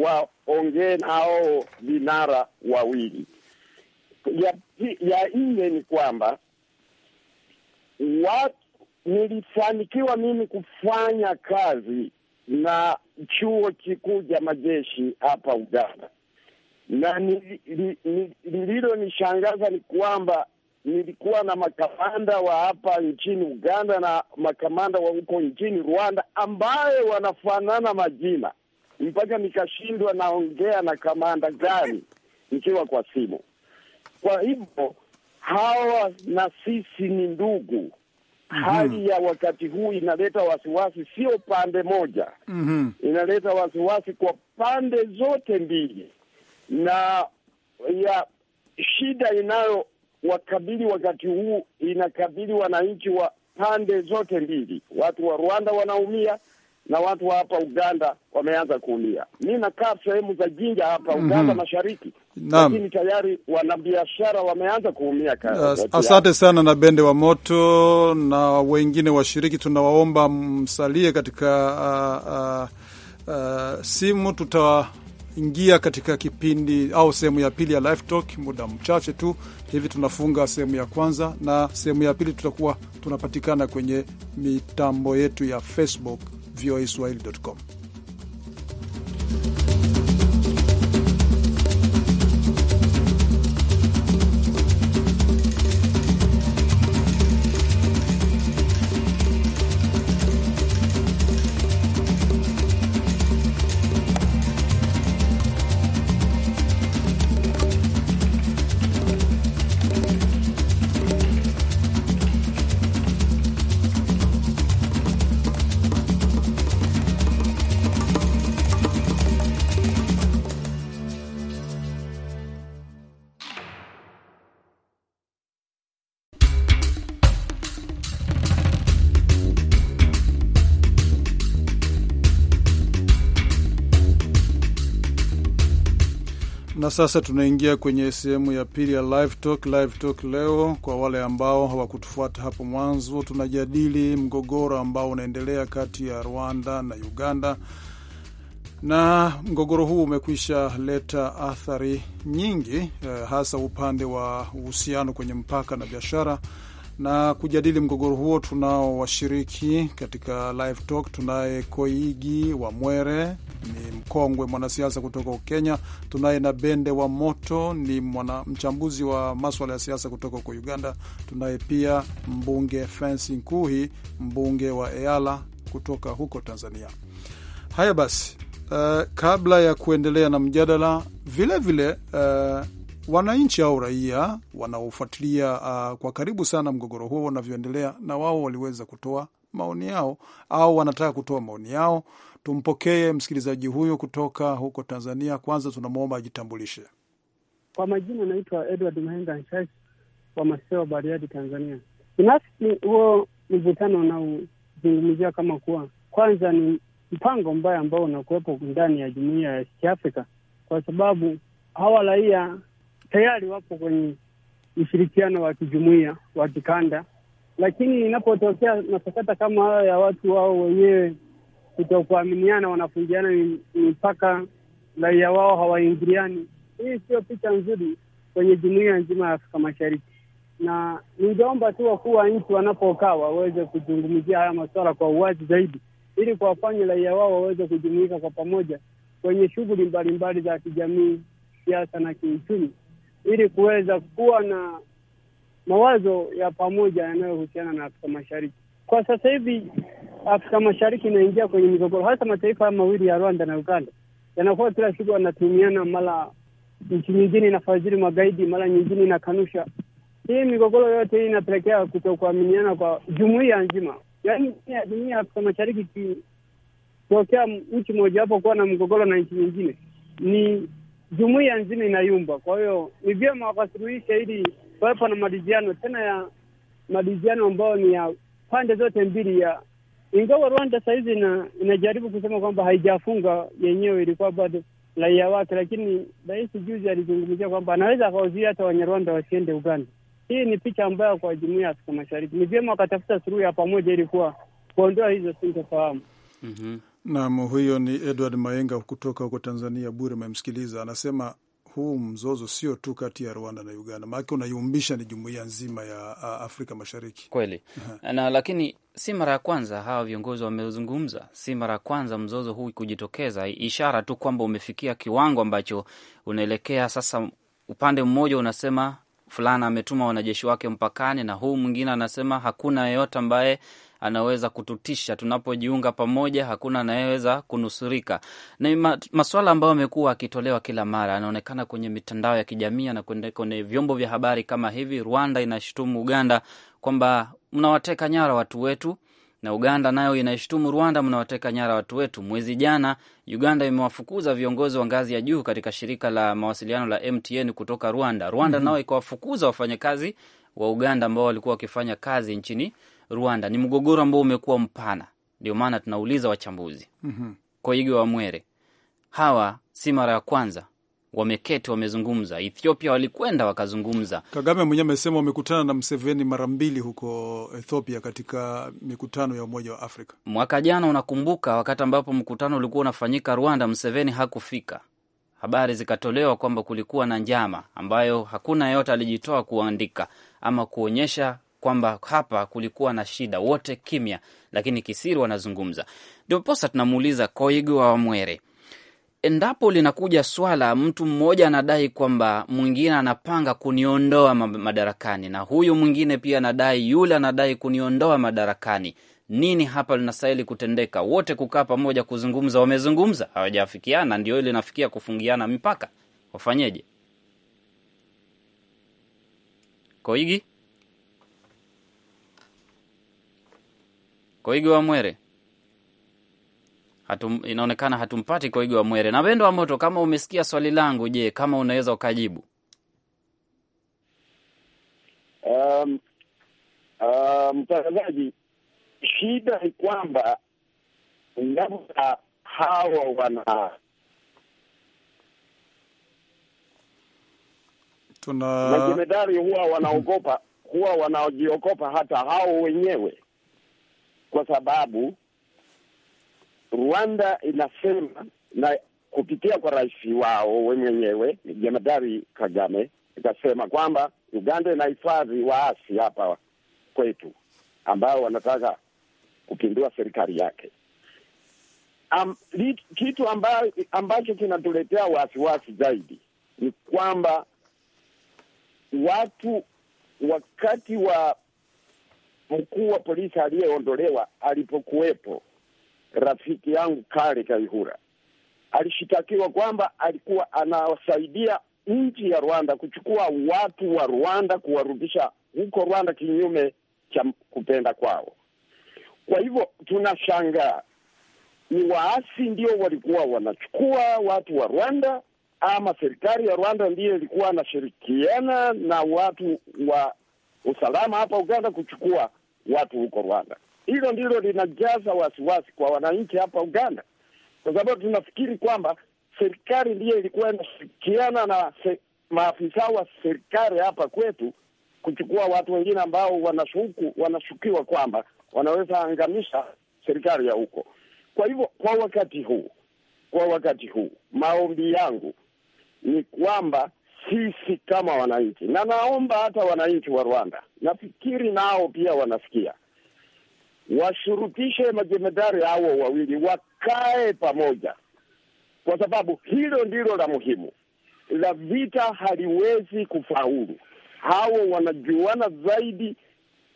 waongee nao vinara wawili. Ya, ya nne ni kwamba watu nilifanikiwa mimi kufanya kazi na chuo kikuu cha majeshi hapa Uganda na lililonishangaza ni kwamba nilikuwa na makamanda wa hapa nchini Uganda na makamanda wa huko nchini Rwanda ambaye wanafanana majina, mpaka nikashindwa naongea na kamanda gani nikiwa kwa simu. Kwa hivyo hawa na sisi ni ndugu. Mm -hmm. Hali mhm. ya wakati huu inaleta wasiwasi, sio pande moja. Mm -hmm. Inaleta wasiwasi kwa pande zote mbili na ya shida inayo wakabili wakati huu inakabili wananchi wa pande zote mbili. Watu wa Rwanda wanaumia na watu wa hapa Uganda wameanza kuumia. Mi nakaa sehemu za Jinja hapa mhm. Uganda mm -hmm. Mashariki, lakini tayari wanabiashara wameanza kuumia. Asante sana na Bende wa Moto na wengine washiriki, tunawaomba msalie katika uh, uh, uh, simu tuta ingia katika kipindi au sehemu ya pili ya Live Talk muda mchache tu hivi. Tunafunga sehemu ya kwanza, na sehemu ya pili tutakuwa tunapatikana kwenye mitambo yetu ya Facebook voaswahili.com. Na sasa tunaingia kwenye sehemu ya pili ya live talk. Live talk leo, kwa wale ambao hawakutufuata hapo mwanzo, tunajadili mgogoro ambao unaendelea kati ya Rwanda na Uganda, na mgogoro huu umekwisha leta athari nyingi eh, hasa upande wa uhusiano kwenye mpaka na biashara na kujadili mgogoro huo tunao washiriki katika live talk. Tunaye Koigi wa Mwere, ni mkongwe mwanasiasa kutoka Kenya. Tunaye na Bende wa Moto, ni mwana mchambuzi wa maswala ya siasa kutoka huko Uganda. Tunaye pia mbunge Fensi Nkuhi, mbunge wa Eala kutoka huko Tanzania. Haya basi, uh, kabla ya kuendelea na mjadala vilevile vile, uh, wananchi au raia wanaofuatilia uh, kwa karibu sana mgogoro huo unavyoendelea, na wao waliweza kutoa maoni yao au wanataka kutoa maoni yao. Tumpokee msikilizaji huyu kutoka huko Tanzania. Kwanza tunamwomba ajitambulishe kwa majina. anaitwa Edward Mahenga Nshai wa Masewa, Bariadi, Tanzania. Binafsi huo mvutano unaozungumzia kama kuwa kwanza ni mpango mbaya ambao unakuwepo ndani ya jumuiya ya Kiafrika, kwa sababu hawa raia tayari wapo kwenye ushirikiano wa kijumuia wa kikanda, lakini inapotokea masakata kama hayo ya watu wao wenyewe kutokuaminiana, wanafungiana mipaka, raia wao hawaingiliani, hii sio picha nzuri kwenye jumuia nzima ya Afrika Mashariki na ningeomba tu wakuu wa nchi wanapokaa waweze kuzungumzia haya masuala kwa uwazi zaidi, ili kuwafanya raia wao waweze kujumuika kwa pamoja kwenye shughuli mbalimbali za kijamii, siasa na kiuchumi, ili kuweza kuwa na mawazo ya pamoja yanayohusiana na Afrika Mashariki. Kwa sasa hivi Afrika Mashariki inaingia kwenye migogoro, hasa mataifa mawili ya Rwanda na Uganda yanakuwa kila siku wanatumiana, mara nchi nyingine inafadhili magaidi, mara nyingine inakanusha. Hii migogoro yote hii inapelekea kutokuaminiana kwa jumuiya nzima, yaani jumuiya ya Afrika Mashariki ikitokea nchi mojawapo kuwa na mgogoro na nchi nyingine ni jumuiya nzima inayumba. Kwa hiyo ni vyema wakasuluhisha, ili wawepo na maridhiano tena, ya maridhiano ambayo ni ya pande zote mbili ya ingawa Rwanda sahizi ina, inajaribu kusema kwamba haijafunga yenyewe, ilikuwa bado raia wake, lakini rais juzi alizungumzia kwamba anaweza akawazuia hata Wanyarwanda wasiende Uganda. Hii ni picha ambayo kwa jumuiya ya Afrika Mashariki ni vyema wakatafuta suluhu ya pamoja ili kuwa kuondoa hizo sintofahamu. mm -hmm. Nam, huyo ni Edward Maenga kutoka huko Tanzania. Bure umemsikiliza anasema huu mzozo sio tu kati ya Rwanda na Uganda, maanake unaiumbisha ni jumuiya nzima ya Afrika Mashariki kweli. Na lakini si mara ya kwanza hawa viongozi wamezungumza, si mara ya kwanza mzozo huu kujitokeza, ishara tu kwamba umefikia kiwango ambacho unaelekea sasa, upande mmoja unasema fulana ametuma wanajeshi wake mpakani, na huu mwingine anasema hakuna yeyote ambaye anaweza kututisha. Tunapojiunga pamoja, hakuna anayeweza kunusurika. Na maswala ambayo amekuwa akitolewa kila mara, anaonekana kwenye mitandao ya kijamii anakwenda kwenye vyombo vya habari kama hivi. Rwanda inashutumu Uganda kwamba mnawateka nyara watu wetu na Uganda nayo inaishutumu Rwanda, mnawateka nyara watu wetu. Mwezi jana Uganda imewafukuza viongozi wa ngazi ya juu katika shirika la mawasiliano la MTN kutoka Rwanda. Rwanda mm -hmm. nao ikawafukuza wafanyakazi wa Uganda ambao walikuwa wakifanya kazi nchini Rwanda ni mgogoro ambao umekuwa mpana, ndio maana tunauliza wachambuzi mm -hmm. Koigi wa Mwere, hawa si mara ya kwanza wameketi wamezungumza. Ethiopia walikwenda wakazungumza. Kagame mwenyewe amesema wamekutana na Mseveni mara mbili huko Ethiopia katika mikutano ya Umoja wa Afrika mwaka jana. Unakumbuka wakati ambapo mkutano ulikuwa unafanyika Rwanda, Mseveni hakufika. Habari zikatolewa kwamba kulikuwa na njama ambayo hakuna yeyote alijitoa kuandika ama kuonyesha kwamba hapa kulikuwa na shida, wote kimya, lakini kisiri wanazungumza. Ndiposa tunamuuliza Koigi wa Wamwere, endapo linakuja swala mtu mmoja anadai kwamba mwingine anapanga kuniondoa madarakani na huyu mwingine pia anadai yule anadai kuniondoa madarakani, nini hapa linastahili kutendeka? Wote kukaa pamoja kuzungumza, wamezungumza, hawajafikiana, ndio hili inafikia kufungiana mipaka, wafanyeje? Koigi Koigi wa Mwere hatum, inaonekana hatumpati Koigi wa Mwere. Na Wendo wa Moto, kama umesikia swali langu, je, kama unaweza ukajibu? Um, um, mtangazaji, shida ni kwamba labda hawa wana tuna majemadari huwa wanaogopa, huwa wanaojiogopa hata hao wenyewe kwa sababu Rwanda inasema na kupitia kwa rais wao wenyewe Jemadari Kagame ikasema kwamba Uganda inahifadhi waasi hapa kwetu ambao wanataka kupindua serikali yake. li, kitu amba, ambacho kinatuletea wasiwasi zaidi ni kwamba watu wakati wa mkuu wa polisi aliyeondolewa alipokuwepo, rafiki yangu Kale Kaihura alishitakiwa kwamba alikuwa anawasaidia nchi ya Rwanda kuchukua watu wa Rwanda kuwarudisha huko Rwanda kinyume cha kupenda kwao. Kwa hivyo tunashangaa ni waasi ndio walikuwa wanachukua watu wa Rwanda ama serikali ya Rwanda ndiyo ilikuwa anashirikiana na watu wa usalama hapa Uganda kuchukua watu huko Rwanda. Hilo ndilo linajaza wasiwasi kwa wananchi hapa Uganda, kwa sababu tunafikiri kwamba serikali ndiyo ilikuwa inashirikiana na se, maafisa wa serikali hapa kwetu kuchukua watu wengine ambao wanashuku, wanashukiwa kwamba wanaweza angamisha serikali ya huko. Kwa hivyo kwa wakati huu, kwa wakati huu maombi yangu ni kwamba sisi kama wananchi, na naomba hata wananchi wa Rwanda, nafikiri nao pia wanasikia, washurutishe majemadari hao wawili wakae pamoja, kwa sababu hilo ndilo la muhimu. La vita haliwezi kufaulu. Hao wanajuana zaidi,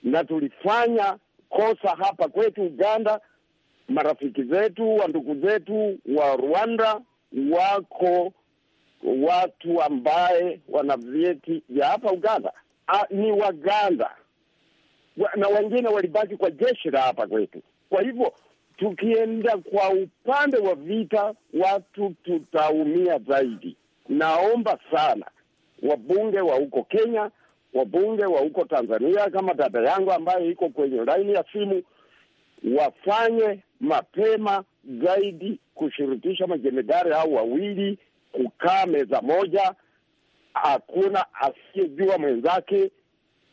na tulifanya kosa hapa kwetu Uganda. Marafiki zetu wa ndugu zetu wa Rwanda wako watu ambaye wana vyeti vya hapa Uganda A, ni Waganda wa, na wengine walibaki kwa jeshi la hapa kwetu. Kwa hivyo tukienda kwa upande wa vita, watu tutaumia zaidi. Naomba sana wabunge wa huko Kenya, wabunge wa huko Tanzania, kama dada yangu ambaye iko kwenye laini ya simu, wafanye mapema zaidi kushurutisha majemedari hao wawili kukaa meza moja, hakuna asiyejua mwenzake,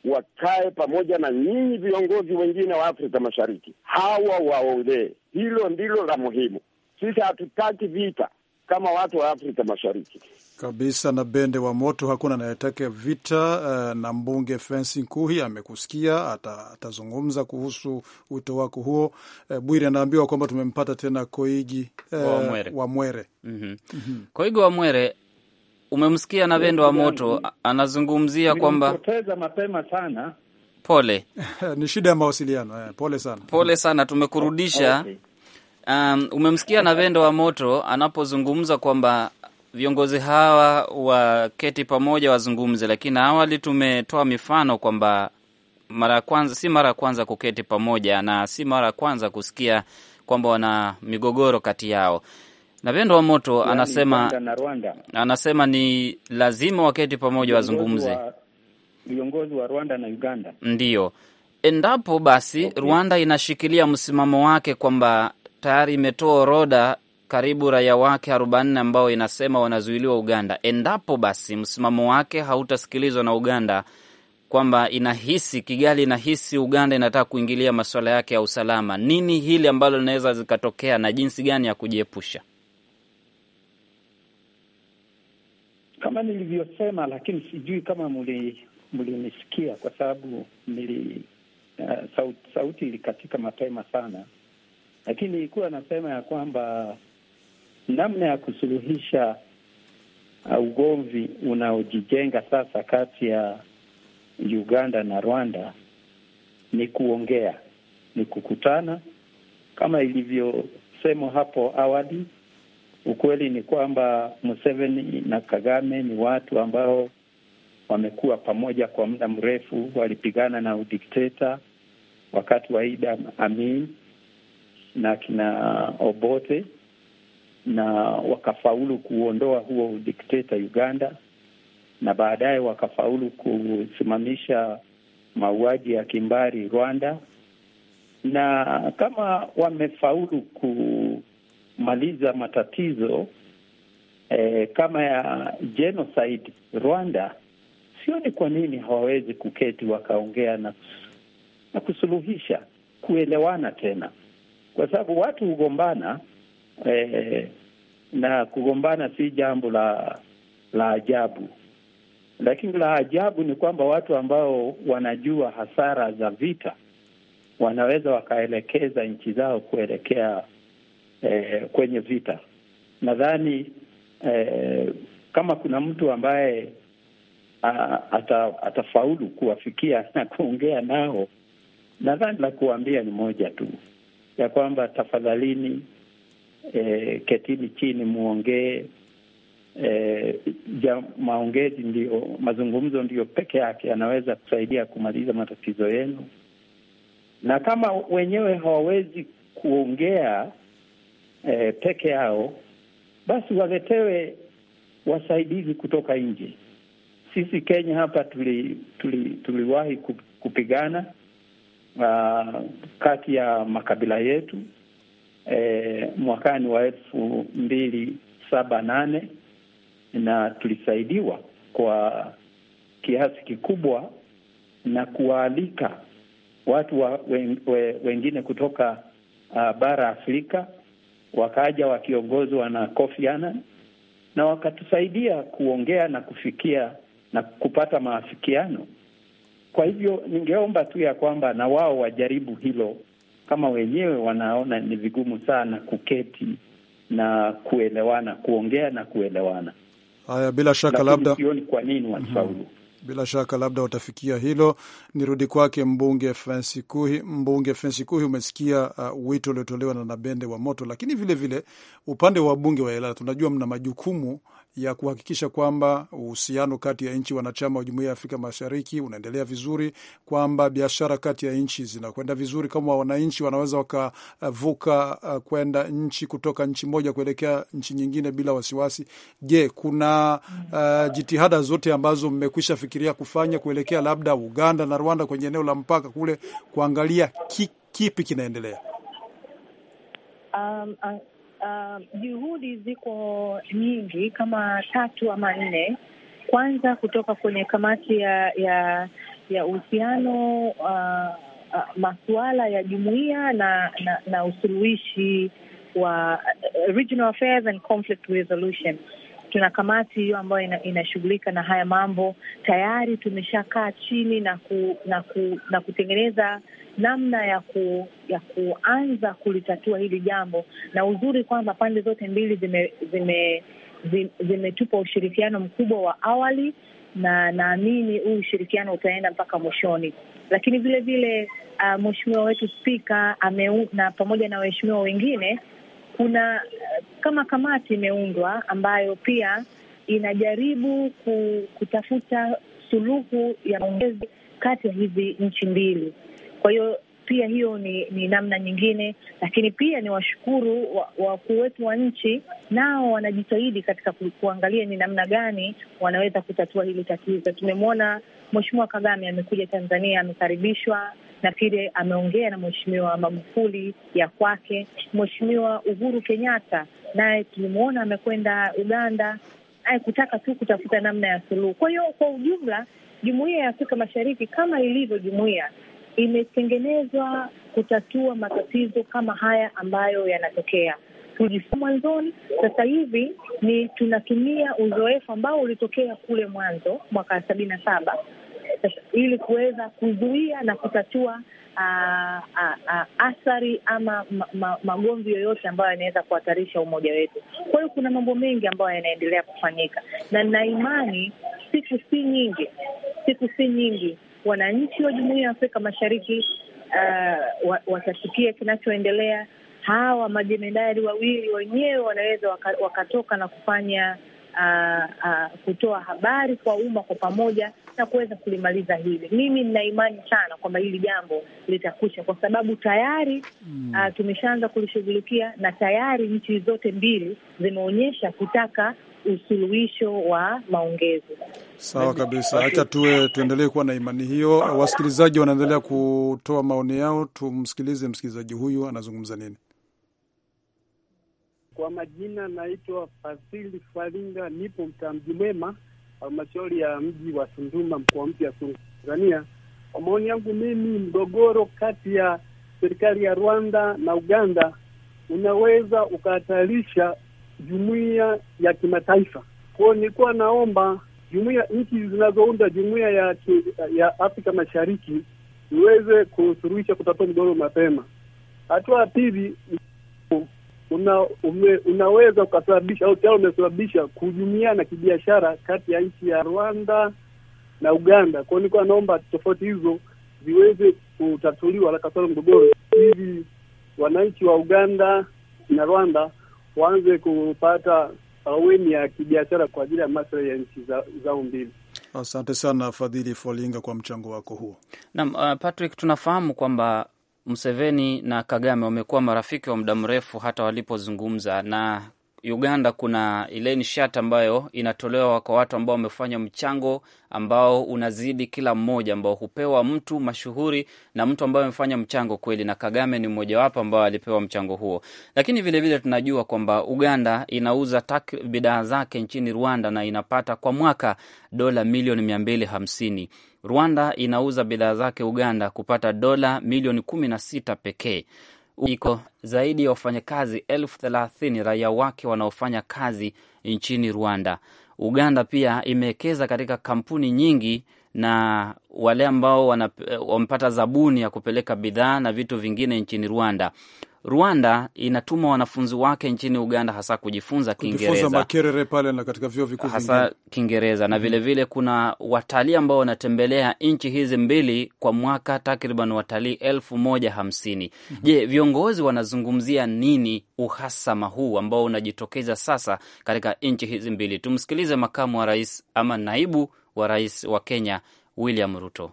wakae pamoja na nyinyi viongozi wengine wa Afrika Mashariki, hawa waongee. Hilo ndilo la muhimu. Sisi hatutaki vita, kama watu wa Afrika Mashariki kabisa. Na bende wa moto, hakuna anayetaka vita. Uh, na mbunge Fensi Nkuhi amekusikia, atazungumza ata kuhusu wito wako huo. Uh, eh, Bwiri anaambiwa kwamba tumempata tena Koigi uh, wa Mwere. Mhm. Mhm. Koigi wa Mwere, umemsikia, na bende wa moto anazungumzia kwamba mapema sana, pole ni shida ya mawasiliano pole sana, pole sana, tumekurudisha okay. Um, umemsikia Navendo wa Moto anapozungumza kwamba viongozi hawa waketi pamoja wazungumze, lakini awali tumetoa mifano kwamba mara ya kwanza, si mara ya kwanza kuketi pamoja na si mara ya kwanza kusikia kwamba wana migogoro kati yao. Navendo wa Moto yani, anasema Rwanda Rwanda, anasema ni lazima waketi pamoja wazungumze, viongozi wa Rwanda na Uganda. ndio endapo basi Rwanda inashikilia msimamo wake kwamba tayari imetoa orodha karibu raia wake 40 ambao inasema wanazuiliwa Uganda. Endapo basi msimamo wake hautasikilizwa na Uganda, kwamba inahisi Kigali inahisi Uganda inataka kuingilia masuala yake ya usalama, nini hili ambalo linaweza zikatokea na jinsi gani ya kujiepusha? Kama nilivyosema, lakini sijui kama mlinisikia, kwa sababu nili uh, eh, sauti, sauti ilikatika mapema sana lakini ilikuwa nasema ya kwamba namna ya kusuluhisha uh, ugomvi unaojijenga sasa kati ya Uganda na Rwanda ni kuongea, ni kukutana kama ilivyosemwa hapo awali. Ukweli ni kwamba Museveni na Kagame ni watu ambao wamekuwa pamoja kwa muda mrefu, walipigana na udikteta wakati wa Idi Amin na kina Obote na wakafaulu kuondoa huo udikteta Uganda, na baadaye wakafaulu kusimamisha mauaji ya kimbari Rwanda, na kama wamefaulu kumaliza matatizo eh, kama ya genocide Rwanda, sioni kwa nini hawawezi kuketi wakaongea na, na kusuluhisha kuelewana tena kwa sababu watu hugombana eh, na kugombana si jambo la la ajabu, lakini la ajabu ni kwamba watu ambao wanajua hasara za vita wanaweza wakaelekeza nchi zao kuelekea eh, kwenye vita. Nadhani eh, kama kuna mtu ambaye ata, atafaulu kuwafikia na kuongea nao, nadhani la kuambia ni moja tu ya kwamba tafadhalini, e, ketini chini muongee. E, ja, maongezi ndio, mazungumzo ndiyo peke yake yanaweza kusaidia kumaliza matatizo yenu, na kama wenyewe hawawezi kuongea e, peke yao, basi waletewe wasaidizi kutoka nje. Sisi Kenya hapa tuli, tuli, tuliwahi kupigana uh, kati ya makabila yetu e, mwakani wa elfu mbili saba nane na tulisaidiwa kwa kiasi kikubwa na kuwaalika watu wa, wen, we, wengine kutoka uh, bara Afrika wakaja wakiongozwa na Kofi Annan na wakatusaidia kuongea na kufikia na kupata maafikiano kwa hivyo ningeomba tu ya kwamba na wao wajaribu hilo, kama wenyewe wanaona ni vigumu sana kuketi na kuelewana, kuongea na kuelewana. Haya, bila shaka labda sioni kwa nini wasifaulu. mm -hmm. Bila shaka labda watafikia hilo. Nirudi kwake mbunge Fensi Kuhi. Mbunge Fensi Kuhi, umesikia uh, wito uliotolewa na Nabende wa Moto, lakini vilevile vile, upande wa bunge wa Ilala tunajua mna majukumu ya kuhakikisha kwamba uhusiano kati ya nchi wanachama wa jumuiya ya Afrika Mashariki unaendelea vizuri, kwamba biashara kati ya nchi zinakwenda vizuri, kama wananchi wanaweza wakavuka uh, kwenda nchi kutoka nchi moja kuelekea nchi nyingine bila wasiwasi. Je, kuna uh, jitihada zote ambazo mmekwisha fikiria kufanya kuelekea labda Uganda na Rwanda kwenye eneo la mpaka kule, kuangalia ki, kipi kinaendelea? Um, uh, uh, juhudi ziko nyingi kama tatu ama nne. Kwanza kutoka kwenye kamati ya ya ya uhusiano uh, uh, masuala ya jumuiya na, na, na usuluhishi wa uh, Regional Affairs and Conflict Resolution tuna kamati hiyo ambayo ina, inashughulika na haya mambo. Tayari tumeshakaa chini na, ku, na, ku, na kutengeneza namna ya ku, ya kuanza kulitatua hili jambo, na uzuri kwamba pande zote mbili zimetupa zime, zime, ushirikiano mkubwa wa awali, na naamini huu ushirikiano utaenda mpaka mwishoni, lakini vilevile uh, mheshimiwa wetu Spika na pamoja na waheshimiwa wengine kuna eh, kama kamati imeundwa ambayo pia inajaribu kutafuta suluhu ya maongezi kati ya hizi nchi mbili. Kwa hiyo pia hiyo ni, ni namna nyingine, lakini pia ni washukuru wakuu wetu wa nchi, nao wanajitahidi katika kuangalia ni namna gani wanaweza kutatua hili tatizo. Tumemwona Mheshimiwa Kagame amekuja Tanzania, amekaribishwa na pile ameongea na Mheshimiwa Magufuli ya kwake. Mheshimiwa Uhuru Kenyatta naye tulimwona amekwenda Uganda naye kutaka tu kutafuta namna ya suluhu. Kwa hiyo kwa ujumla, jumuiya ya Afrika Mashariki kama ilivyo jumuiya imetengenezwa kutatua matatizo kama haya ambayo yanatokea tulifu mwanzoni. Sasa hivi ni tunatumia uzoefu ambao ulitokea kule mwanzo mwaka sabini na saba ili kuweza kuzuia na kutatua ah, ah, ah, athari ama ma, ma, magomvi yoyote ambayo yanaweza kuhatarisha umoja wetu. Kwa hiyo kuna mambo mengi ambayo yanaendelea kufanyika, na nina imani siku si nyingi, siku si nyingi, wananchi wa Jumuiya ya Afrika Mashariki uh, watasikia kinachoendelea. Hawa majemedari wawili wenyewe wanaweza waka, wakatoka na kufanya uh, uh, kutoa habari kwa umma kwa pamoja na kuweza kulimaliza hili. Mimi nina imani sana kwamba hili jambo litakwisha, kwa sababu tayari mm, uh, tumeshaanza kulishughulikia na tayari nchi zote mbili zimeonyesha kutaka usuluhisho wa maongezi. Sawa kabisa, hacha tuwe tuendelee kuwa na imani hiyo. Wasikilizaji wanaendelea kutoa maoni yao, tumsikilize msikilizaji huyu anazungumza nini. Kwa majina naitwa Fasili Falinga, nipo mtaa Mji Mwema, halmashauri ya mji wa Tunduma, mkoa mpya Tanzania. Kwa maoni yangu mimi, mgogoro kati ya serikali ya Rwanda na Uganda unaweza ukahatarisha jumuiya ya kimataifa. Kwao nilikuwa naomba jumuiya, nchi zinazounda jumuiya ya, ya Afrika Mashariki iweze kusuluhisha, kutatua mgogoro mapema. Hatua ya pili una, ume, unaweza ukasababisha au tayari umesababisha kujumiana kibiashara kati ya nchi ya Rwanda na Uganda. Kwa hiyo nilikuwa naomba tofauti hizo ziweze kutatuliwa haraka sana mgogoro, ili wananchi wa Uganda na Rwanda waanze kupata aweni ya kibiashara kwa ajili ya maslahi ya nchi za, zao mbili. Asante sana Fadhili Folinga kwa mchango wako huo. Naam, uh, Patrick, tunafahamu kwamba mseveni na Kagame wamekuwa marafiki wa muda mrefu hata walipozungumza na Uganda kuna ile nishati ambayo inatolewa kwa watu ambao wamefanya mchango ambao unazidi kila mmoja, ambao hupewa mtu mashuhuri na mtu ambaye amefanya mchango kweli, na Kagame ni mmojawapo ambao alipewa mchango huo. Lakini vilevile vile tunajua kwamba Uganda inauza bidhaa zake nchini Rwanda na inapata kwa mwaka dola milioni mia mbili hamsini. Rwanda inauza bidhaa zake Uganda kupata dola milioni kumi na sita pekee iko zaidi ya wafanyakazi elfu thelathini raia wake wanaofanya kazi nchini Rwanda. Uganda pia imewekeza katika kampuni nyingi na wale ambao wamepata zabuni ya kupeleka bidhaa na vitu vingine nchini Rwanda. Rwanda inatuma wanafunzi wake nchini Uganda hasa kujifunza Kiingereza Makerere pale na katika vyuo vikuu hasa Kiingereza na vilevile mhm. vile kuna watalii ambao wanatembelea nchi hizi mbili kwa mwaka takriban watalii elfu moja hamsini. Mhm. Je, viongozi wanazungumzia nini uhasama huu ambao unajitokeza sasa katika nchi hizi mbili? Tumsikilize makamu wa rais ama naibu wa rais wa Kenya William Ruto.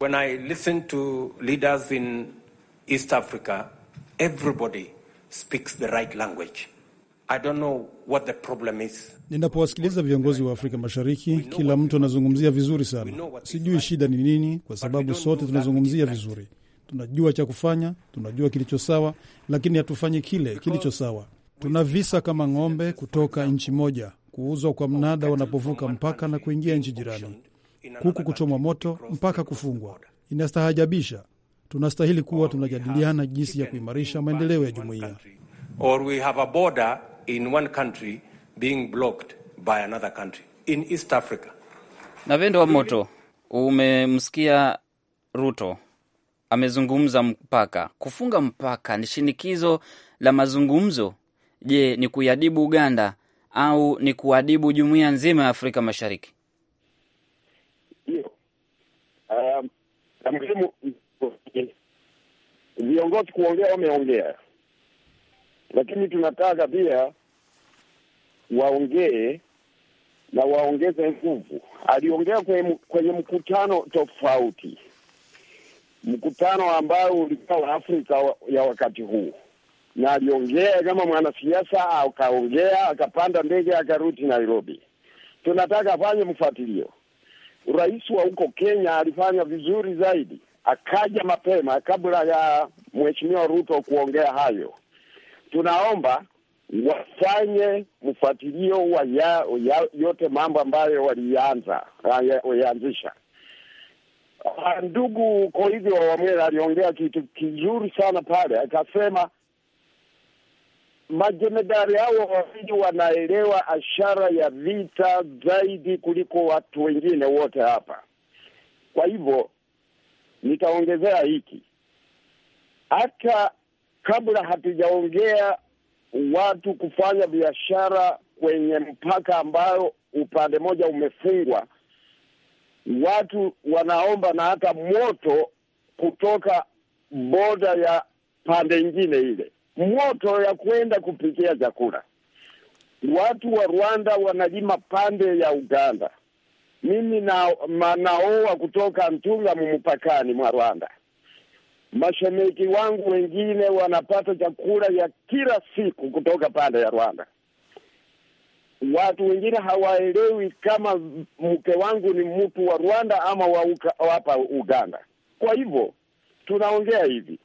When I listen to leaders in East Africa everybody speaks the right language. I don't know what the problem is. Ninapowasikiliza viongozi wa Afrika Mashariki, kila mtu anazungumzia vizuri sana. Sijui shida ni nini, kwa sababu sote tunazungumzia vizuri, tunajua cha kufanya, tunajua kilicho sawa, lakini hatufanyi kile kilicho sawa. Tuna visa kama ng'ombe kutoka nchi moja kuuzwa kwa mnada wanapovuka mpaka na kuingia nchi jirani, kuku kuchomwa moto mpaka kufungwa. Inastahajabisha tunastahili kuwa tunajadiliana jinsi ya kuimarisha maendeleo ya jumuiya. Na Vendo wa Moto, umemsikia Ruto amezungumza mpaka kufunga mpaka ni shinikizo la mazungumzo. Je, ni kuiadibu Uganda au ni kuadibu jumuiya nzima ya Afrika Mashariki? Um, viongozi kuongea, wameongea, lakini tunataka pia waongee na waongeze nguvu. Aliongea kwenye, kwenye mkutano tofauti, mkutano ambao ulikuwa wa Afrika ya wakati huu, na aliongea kama mwanasiasa, akaongea akapanda ndege akarudi Nairobi. Tunataka afanye mfuatilio. Rais wa huko Kenya alifanya vizuri zaidi akaja mapema kabla ya mheshimiwa Ruto kuongea hayo. Tunaomba wafanye mfuatilio wa ya, ya, yote mambo ambayo walianza walianzisha. Ah, ndugu hivyo wa Wamwera aliongea kitu kizuri sana pale, akasema majemedari hao wawili wanaelewa ashara ya vita zaidi kuliko watu wengine wote hapa. Kwa hivyo nitaongezea hiki, hata kabla hatujaongea watu kufanya biashara kwenye mpaka ambayo upande mmoja umefungwa, watu wanaomba na hata moto kutoka boda ya pande ingine ile, moto ya kwenda kupikia chakula. Watu wa Rwanda wanalima pande ya Uganda, mimi na, naoa kutoka ntunga mumpakani mwa Rwanda. Mashemeji wangu wengine wanapata chakula ya kila siku kutoka pande ya Rwanda. Watu wengine hawaelewi kama mke wangu ni mtu wa Rwanda ama wa hapa Uganda. Kwa hivyo tunaongea hivi,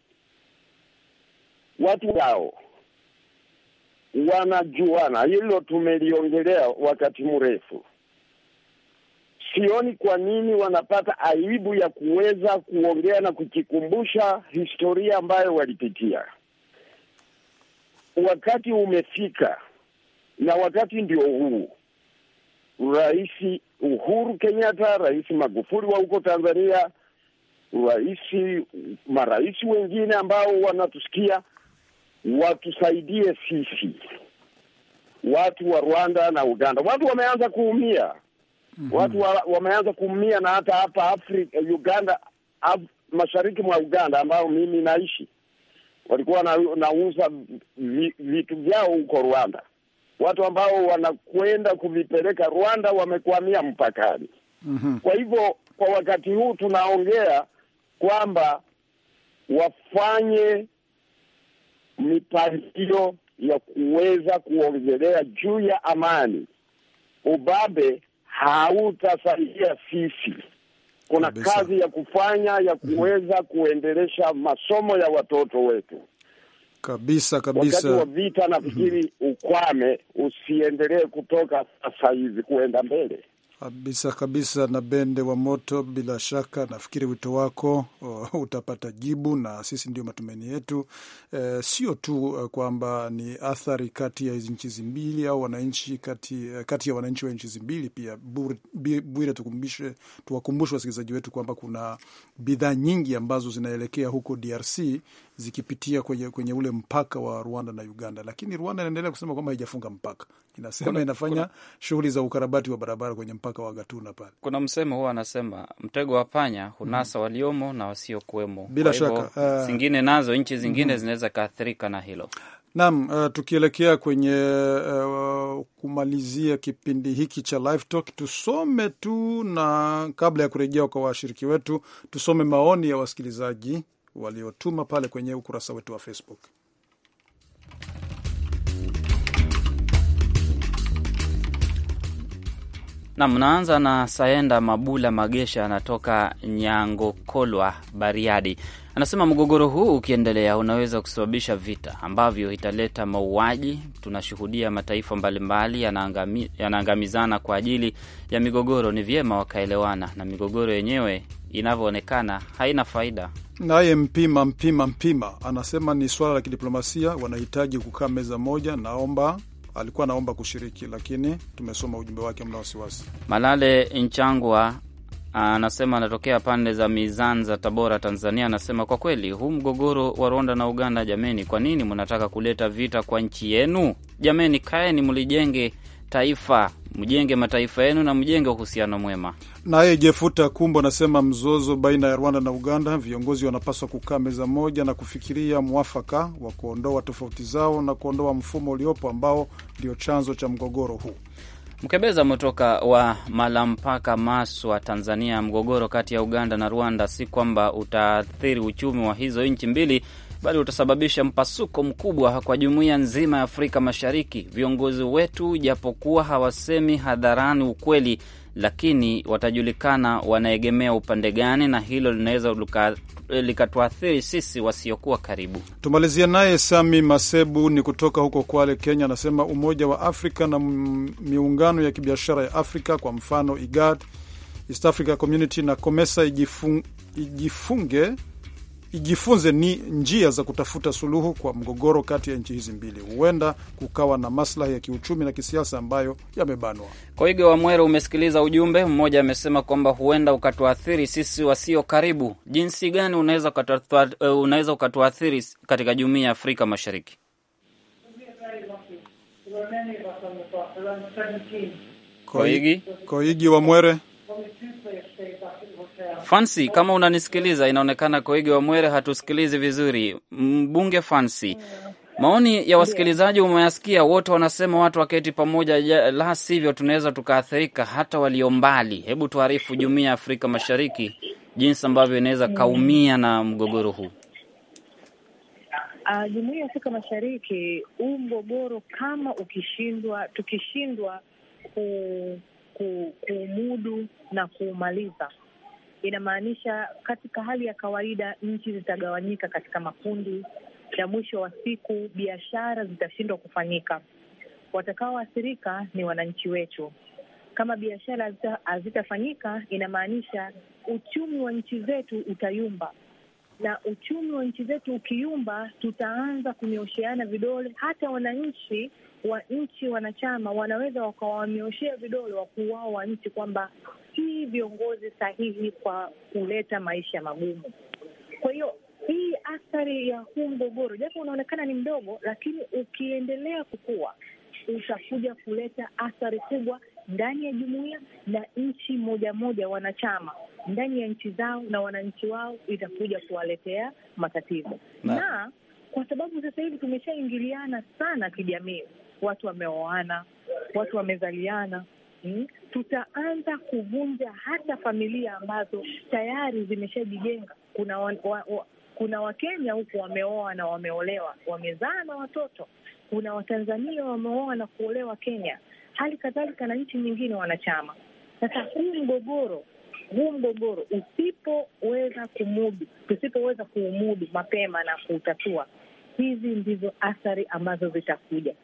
watu wao wanajuana, hilo tumeliongelea wakati mrefu sioni kwa nini wanapata aibu ya kuweza kuongea na kujikumbusha historia ambayo walipitia. Wakati umefika na wakati ndio huu. Rais Uhuru Kenyatta, Rais Magufuli wa huko Tanzania, rais marais wengine ambao wanatusikia watusaidie sisi, watu wa Rwanda na Uganda. Watu wameanza kuumia mm -hmm. Watu wa, wameanza kuumia na hata hapa Afrika, Uganda af, mashariki mwa Uganda ambayo mimi naishi walikuwa na, nauza vitu vyao huko Rwanda. Watu ambao wanakwenda kuvipeleka Rwanda wamekwamia mpakani. mm -hmm. Kwa hivyo kwa wakati huu tunaongea kwamba wafanye mipangilio ya kuweza kuongelea juu ya amani. Ubabe hautasaidia sisi. Kuna Mbisa. kazi ya kufanya ya kuweza kuendelesha masomo ya watoto wetu kabisa kabisa. Wakati wa vita nafikiri mhm. ukwame usiendelee kutoka sasa hivi kuenda mbele. Kabisa kabisa, na Bende wa Moto, bila shaka nafikiri wito wako uh, utapata jibu, na sisi ndio matumaini yetu. uh, sio tu uh, kwamba ni athari kati ya hizi nchi mbili au wananchi kati, eh, kati ya wananchi wa nchi mbili pia. Bwire, tuwakumbushe wasikilizaji wetu kwamba kuna bidhaa nyingi ambazo zinaelekea huko DRC zikipitia kwenye, kwenye ule mpaka wa Rwanda na Uganda, lakini Rwanda inaendelea kusema kwamba haijafunga mpaka, inasema kuna, inafanya shughuli za ukarabati wa barabara kwenye mpaka wa Gatuna pale. Kuna msemo huwa anasema mtego wa panya hunasa mm, waliomo na wasiokuwemo. Bila shaka uh, zingine nazo nchi zingine mm, zinaweza kaathirika na hilo. Naam, uh, tukielekea kwenye uh, kumalizia kipindi hiki cha Live Talk, tusome tu na kabla ya kurejea kwa washiriki wetu, tusome maoni ya wasikilizaji waliotuma pale kwenye ukurasa wetu wa Facebook. nam naanza na Saenda Mabula Magesha, anatoka Nyangokolwa, Bariadi. Anasema mgogoro huu ukiendelea unaweza kusababisha vita ambavyo italeta mauaji. Tunashuhudia mataifa mbalimbali yanaangamizana kwa ajili ya migogoro. Ni vyema wakaelewana, na migogoro yenyewe inavyoonekana haina faida. Naye mpima mpima mpima anasema ni swala la kidiplomasia, wanahitaji kukaa meza moja. Naomba alikuwa anaomba kushiriki, lakini tumesoma ujumbe wake, mna wasiwasi. Malale Nchangwa anasema anatokea pande za Mizanza, Tabora, Tanzania. Anasema kwa kweli huu mgogoro wa Rwanda na Uganda, jameni, kwa nini mnataka kuleta vita kwa nchi yenu? Jameni, kaeni mlijenge taifa, mjenge mataifa yenu na mjenge uhusiano mwema. Naye Jefuta Kumbo anasema mzozo baina ya Rwanda na Uganda, viongozi wanapaswa kukaa meza moja na kufikiria mwafaka wa kuondoa tofauti zao na kuondoa mfumo uliopo ambao ndio chanzo cha mgogoro huu. Mkebeza umetoka wa Malampaka, Maswa, Tanzania. Mgogoro kati ya Uganda na Rwanda si kwamba utaathiri uchumi wa hizo nchi mbili, bali utasababisha mpasuko mkubwa kwa jumuiya nzima ya Afrika Mashariki. Viongozi wetu japokuwa hawasemi hadharani ukweli lakini watajulikana wanaegemea upande gani, na hilo linaweza likatuathiri sisi wasiokuwa karibu. Tumalizia naye Sami Masebu ni kutoka huko Kwale, Kenya, anasema Umoja wa Afrika na miungano ya kibiashara ya Afrika kwa mfano IGAD, East Africa Community na COMESA ijifunge ijifunze ni njia za kutafuta suluhu kwa mgogoro kati ya nchi hizi mbili. Huenda kukawa na maslahi ya kiuchumi na kisiasa ambayo yamebanwa. Koige wa Mwere, umesikiliza ujumbe mmoja. Amesema kwamba huenda ukatuathiri sisi wasio karibu. Jinsi gani unaweza ukatuathiri eh, katika jumuia ya Afrika Mashariki? Koigi, Koigi wa Mwere Fancy, kama unanisikiliza, inaonekana Koigi wa Mwere hatusikilizi vizuri. Mbunge Fancy, maoni ya wasikilizaji umeyasikia wote, wanasema watu waketi pamoja, la sivyo tunaweza tukaathirika hata walio mbali. Hebu tuarifu jumuiya ya Afrika Mashariki jinsi ambavyo inaweza kaumia na mgogoro huu. Uh, jumuiya ya Afrika Mashariki, huu mgogoro kama ukishindwa, tukishindwa ku, ku, kuumudu na kuumaliza inamaanisha katika hali ya kawaida nchi zitagawanyika katika makundi, na mwisho wa siku biashara zitashindwa kufanyika. Watakaoathirika ni wananchi wetu. Kama biashara hazitafanyika, inamaanisha uchumi wa nchi zetu utayumba, na uchumi wa nchi zetu ukiyumba, tutaanza kunyoosheana vidole. Hata wananchi wa nchi wanachama wanaweza wakawanyoshea vidole wakuu wao wa nchi kwamba si viongozi sahihi kwa kuleta maisha magumu. Kwa hiyo hii athari ya huu mgogoro, japo unaonekana ni mdogo, lakini ukiendelea kukua utakuja kuleta athari kubwa ndani ya jumuiya na nchi moja moja, wanachama ndani ya nchi zao na wananchi wao, itakuja kuwaletea matatizo na, na kwa sababu sasa hivi tumeshaingiliana sana kijamii, watu wameoana, watu wamezaliana, hmm? tutaanza kuvunja hata familia ambazo tayari zimeshajijenga. Kuna wa, wa, wa, kuna Wakenya huku wameoa na wameolewa, wamezaa na watoto. Kuna Watanzania wameoa na kuolewa Kenya, hali kadhalika na nchi nyingine wanachama. Sasa huu mgogoro huu mgogoro usipoweza kumudu, tusipoweza kuumudu mapema na kuutatua, hizi ndizo athari ambazo zitakuja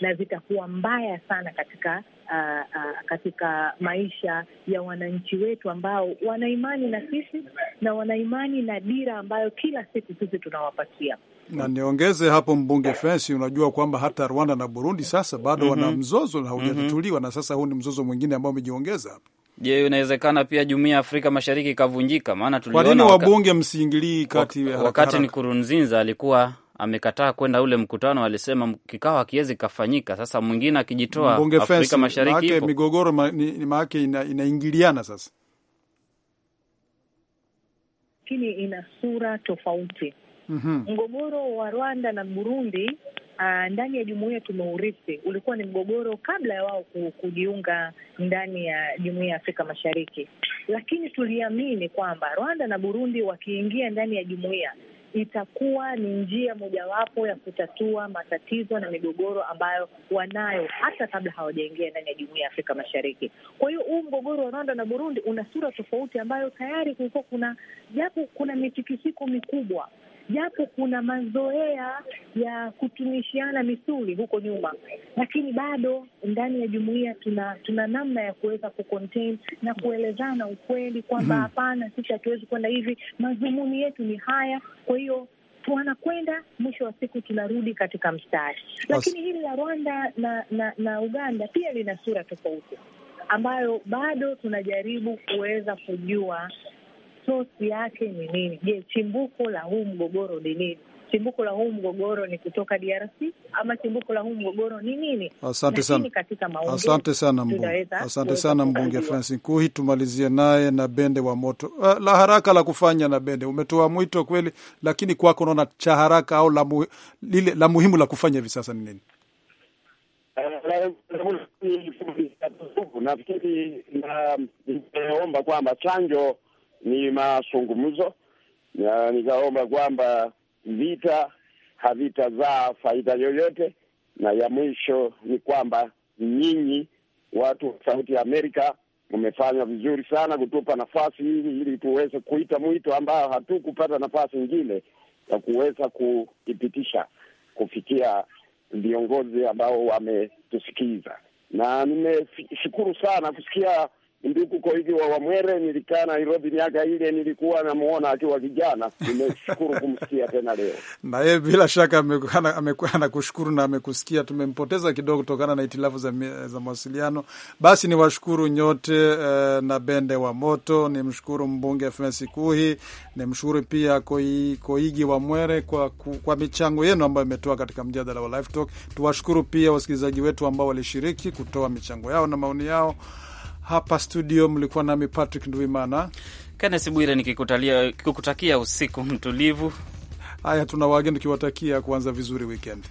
na zitakuwa mbaya sana katika uh, uh, katika maisha ya wananchi wetu ambao wanaimani na sisi na wanaimani na dira ambayo kila siku sisi tunawapatia na niongeze hapo, mbunge Fensi, unajua kwamba hata Rwanda na Burundi sasa bado mm -hmm. wana mhm. mzozo na haujatatuliwa, mhm. mm -hmm. na sasa huu ni mzozo mwingine ambao umejiongeza hapa. Je, inawezekana pia jumuiya ya Afrika Mashariki ikavunjika? Maana tuliona wabunge msiingilii kati wakati, wakati Kurunzinza alikuwa amekataa kwenda ule mkutano, alisema kikao hakiwezi kafanyika. Sasa mwingine akijitoa Afrika Mashariki, maake migogoro maake inaingiliana sasa, lakini ina sura tofauti. mm -hmm. Mgogoro wa Rwanda na Burundi Uh, ndani ya jumuiya tumeurithi, ulikuwa ni mgogoro kabla ya wao kujiunga ndani ya jumuiya ya Afrika Mashariki, lakini tuliamini kwamba Rwanda na Burundi wakiingia ndani ya jumuiya itakuwa ni njia mojawapo ya kutatua matatizo na migogoro ambayo wanayo hata kabla hawajaingia ndani ya jumuia ya Afrika Mashariki. Kwa hiyo huu mgogoro wa Rwanda na Burundi una sura tofauti ambayo tayari kulikuwa kuna japo kuna mitikisiko mikubwa japo kuna mazoea ya kutumishiana misuli huko nyuma, lakini bado ndani ya jumuia tuna tuna namna ya kuweza kucontain na kuelezana ukweli kwamba mhm. hapana, sisi hatuwezi kwenda hivi, madhumuni yetu ni haya, kwa hiyo wanakwenda mwisho wa siku tunarudi katika mstari. Lakini hili la Rwanda na, na, na Uganda pia lina sura tofauti ambayo bado tunajaribu kuweza kujua sosi yake ni nini? Je, chimbuko la huu mgogoro ni nini? Chimbuko la huu mgogoro ni kutoka DRC ama chimbuko la huu mgogoro ni nini? Asante sana, asante sana mbunge, asante sana mbunge Francis Kuhi. Tumalizie naye na Bende wa Moto. Uh, la haraka la kufanya na Bende, umetoa mwito kweli, lakini kwako unaona cha haraka au la, mu, lile, la muhimu la kufanya hivi sasa ni nini? Nafikiri na nimeomba kwamba chanjo ni mazungumzo, na nikaomba kwamba vita havitazaa faida yoyote, na ya mwisho ni kwamba nyinyi watu wa Sauti ya Amerika mmefanya vizuri sana kutupa nafasi hii ili tuweze kuita mwito hatu hatukupata nafasi nyingine ya kuweza kuipitisha kufikia viongozi ambao wametusikiza, na nimeshukuru sana kusikia Ndukuko hivi wa mwere nilikaa Nairobi miaka ile, nilikuwa namuona akiwa kijana. Nimeshukuru kumsikia tena leo, na yeye bila shaka anakushukuru na amekusikia. Tumempoteza kidogo kutokana na itilafu za, za mawasiliano. Basi ni washukuru nyote eh, na bende wa moto. ni mshukuru mbunge Frens Kuhi, ni mshukuru pia Koi, Koigi wa Wamwere kwa, kwa michango yenu ambayo imetoa katika mjadala wa Live Talk. Tuwashukuru pia wasikilizaji wetu ambao walishiriki kutoa michango yao na maoni yao. Hapa studio mlikuwa nami Patrick Nduimana, Kennes Bwire, nikikutakia usiku mtulivu. Haya, tuna wageni tukiwatakia kuanza vizuri wikendi.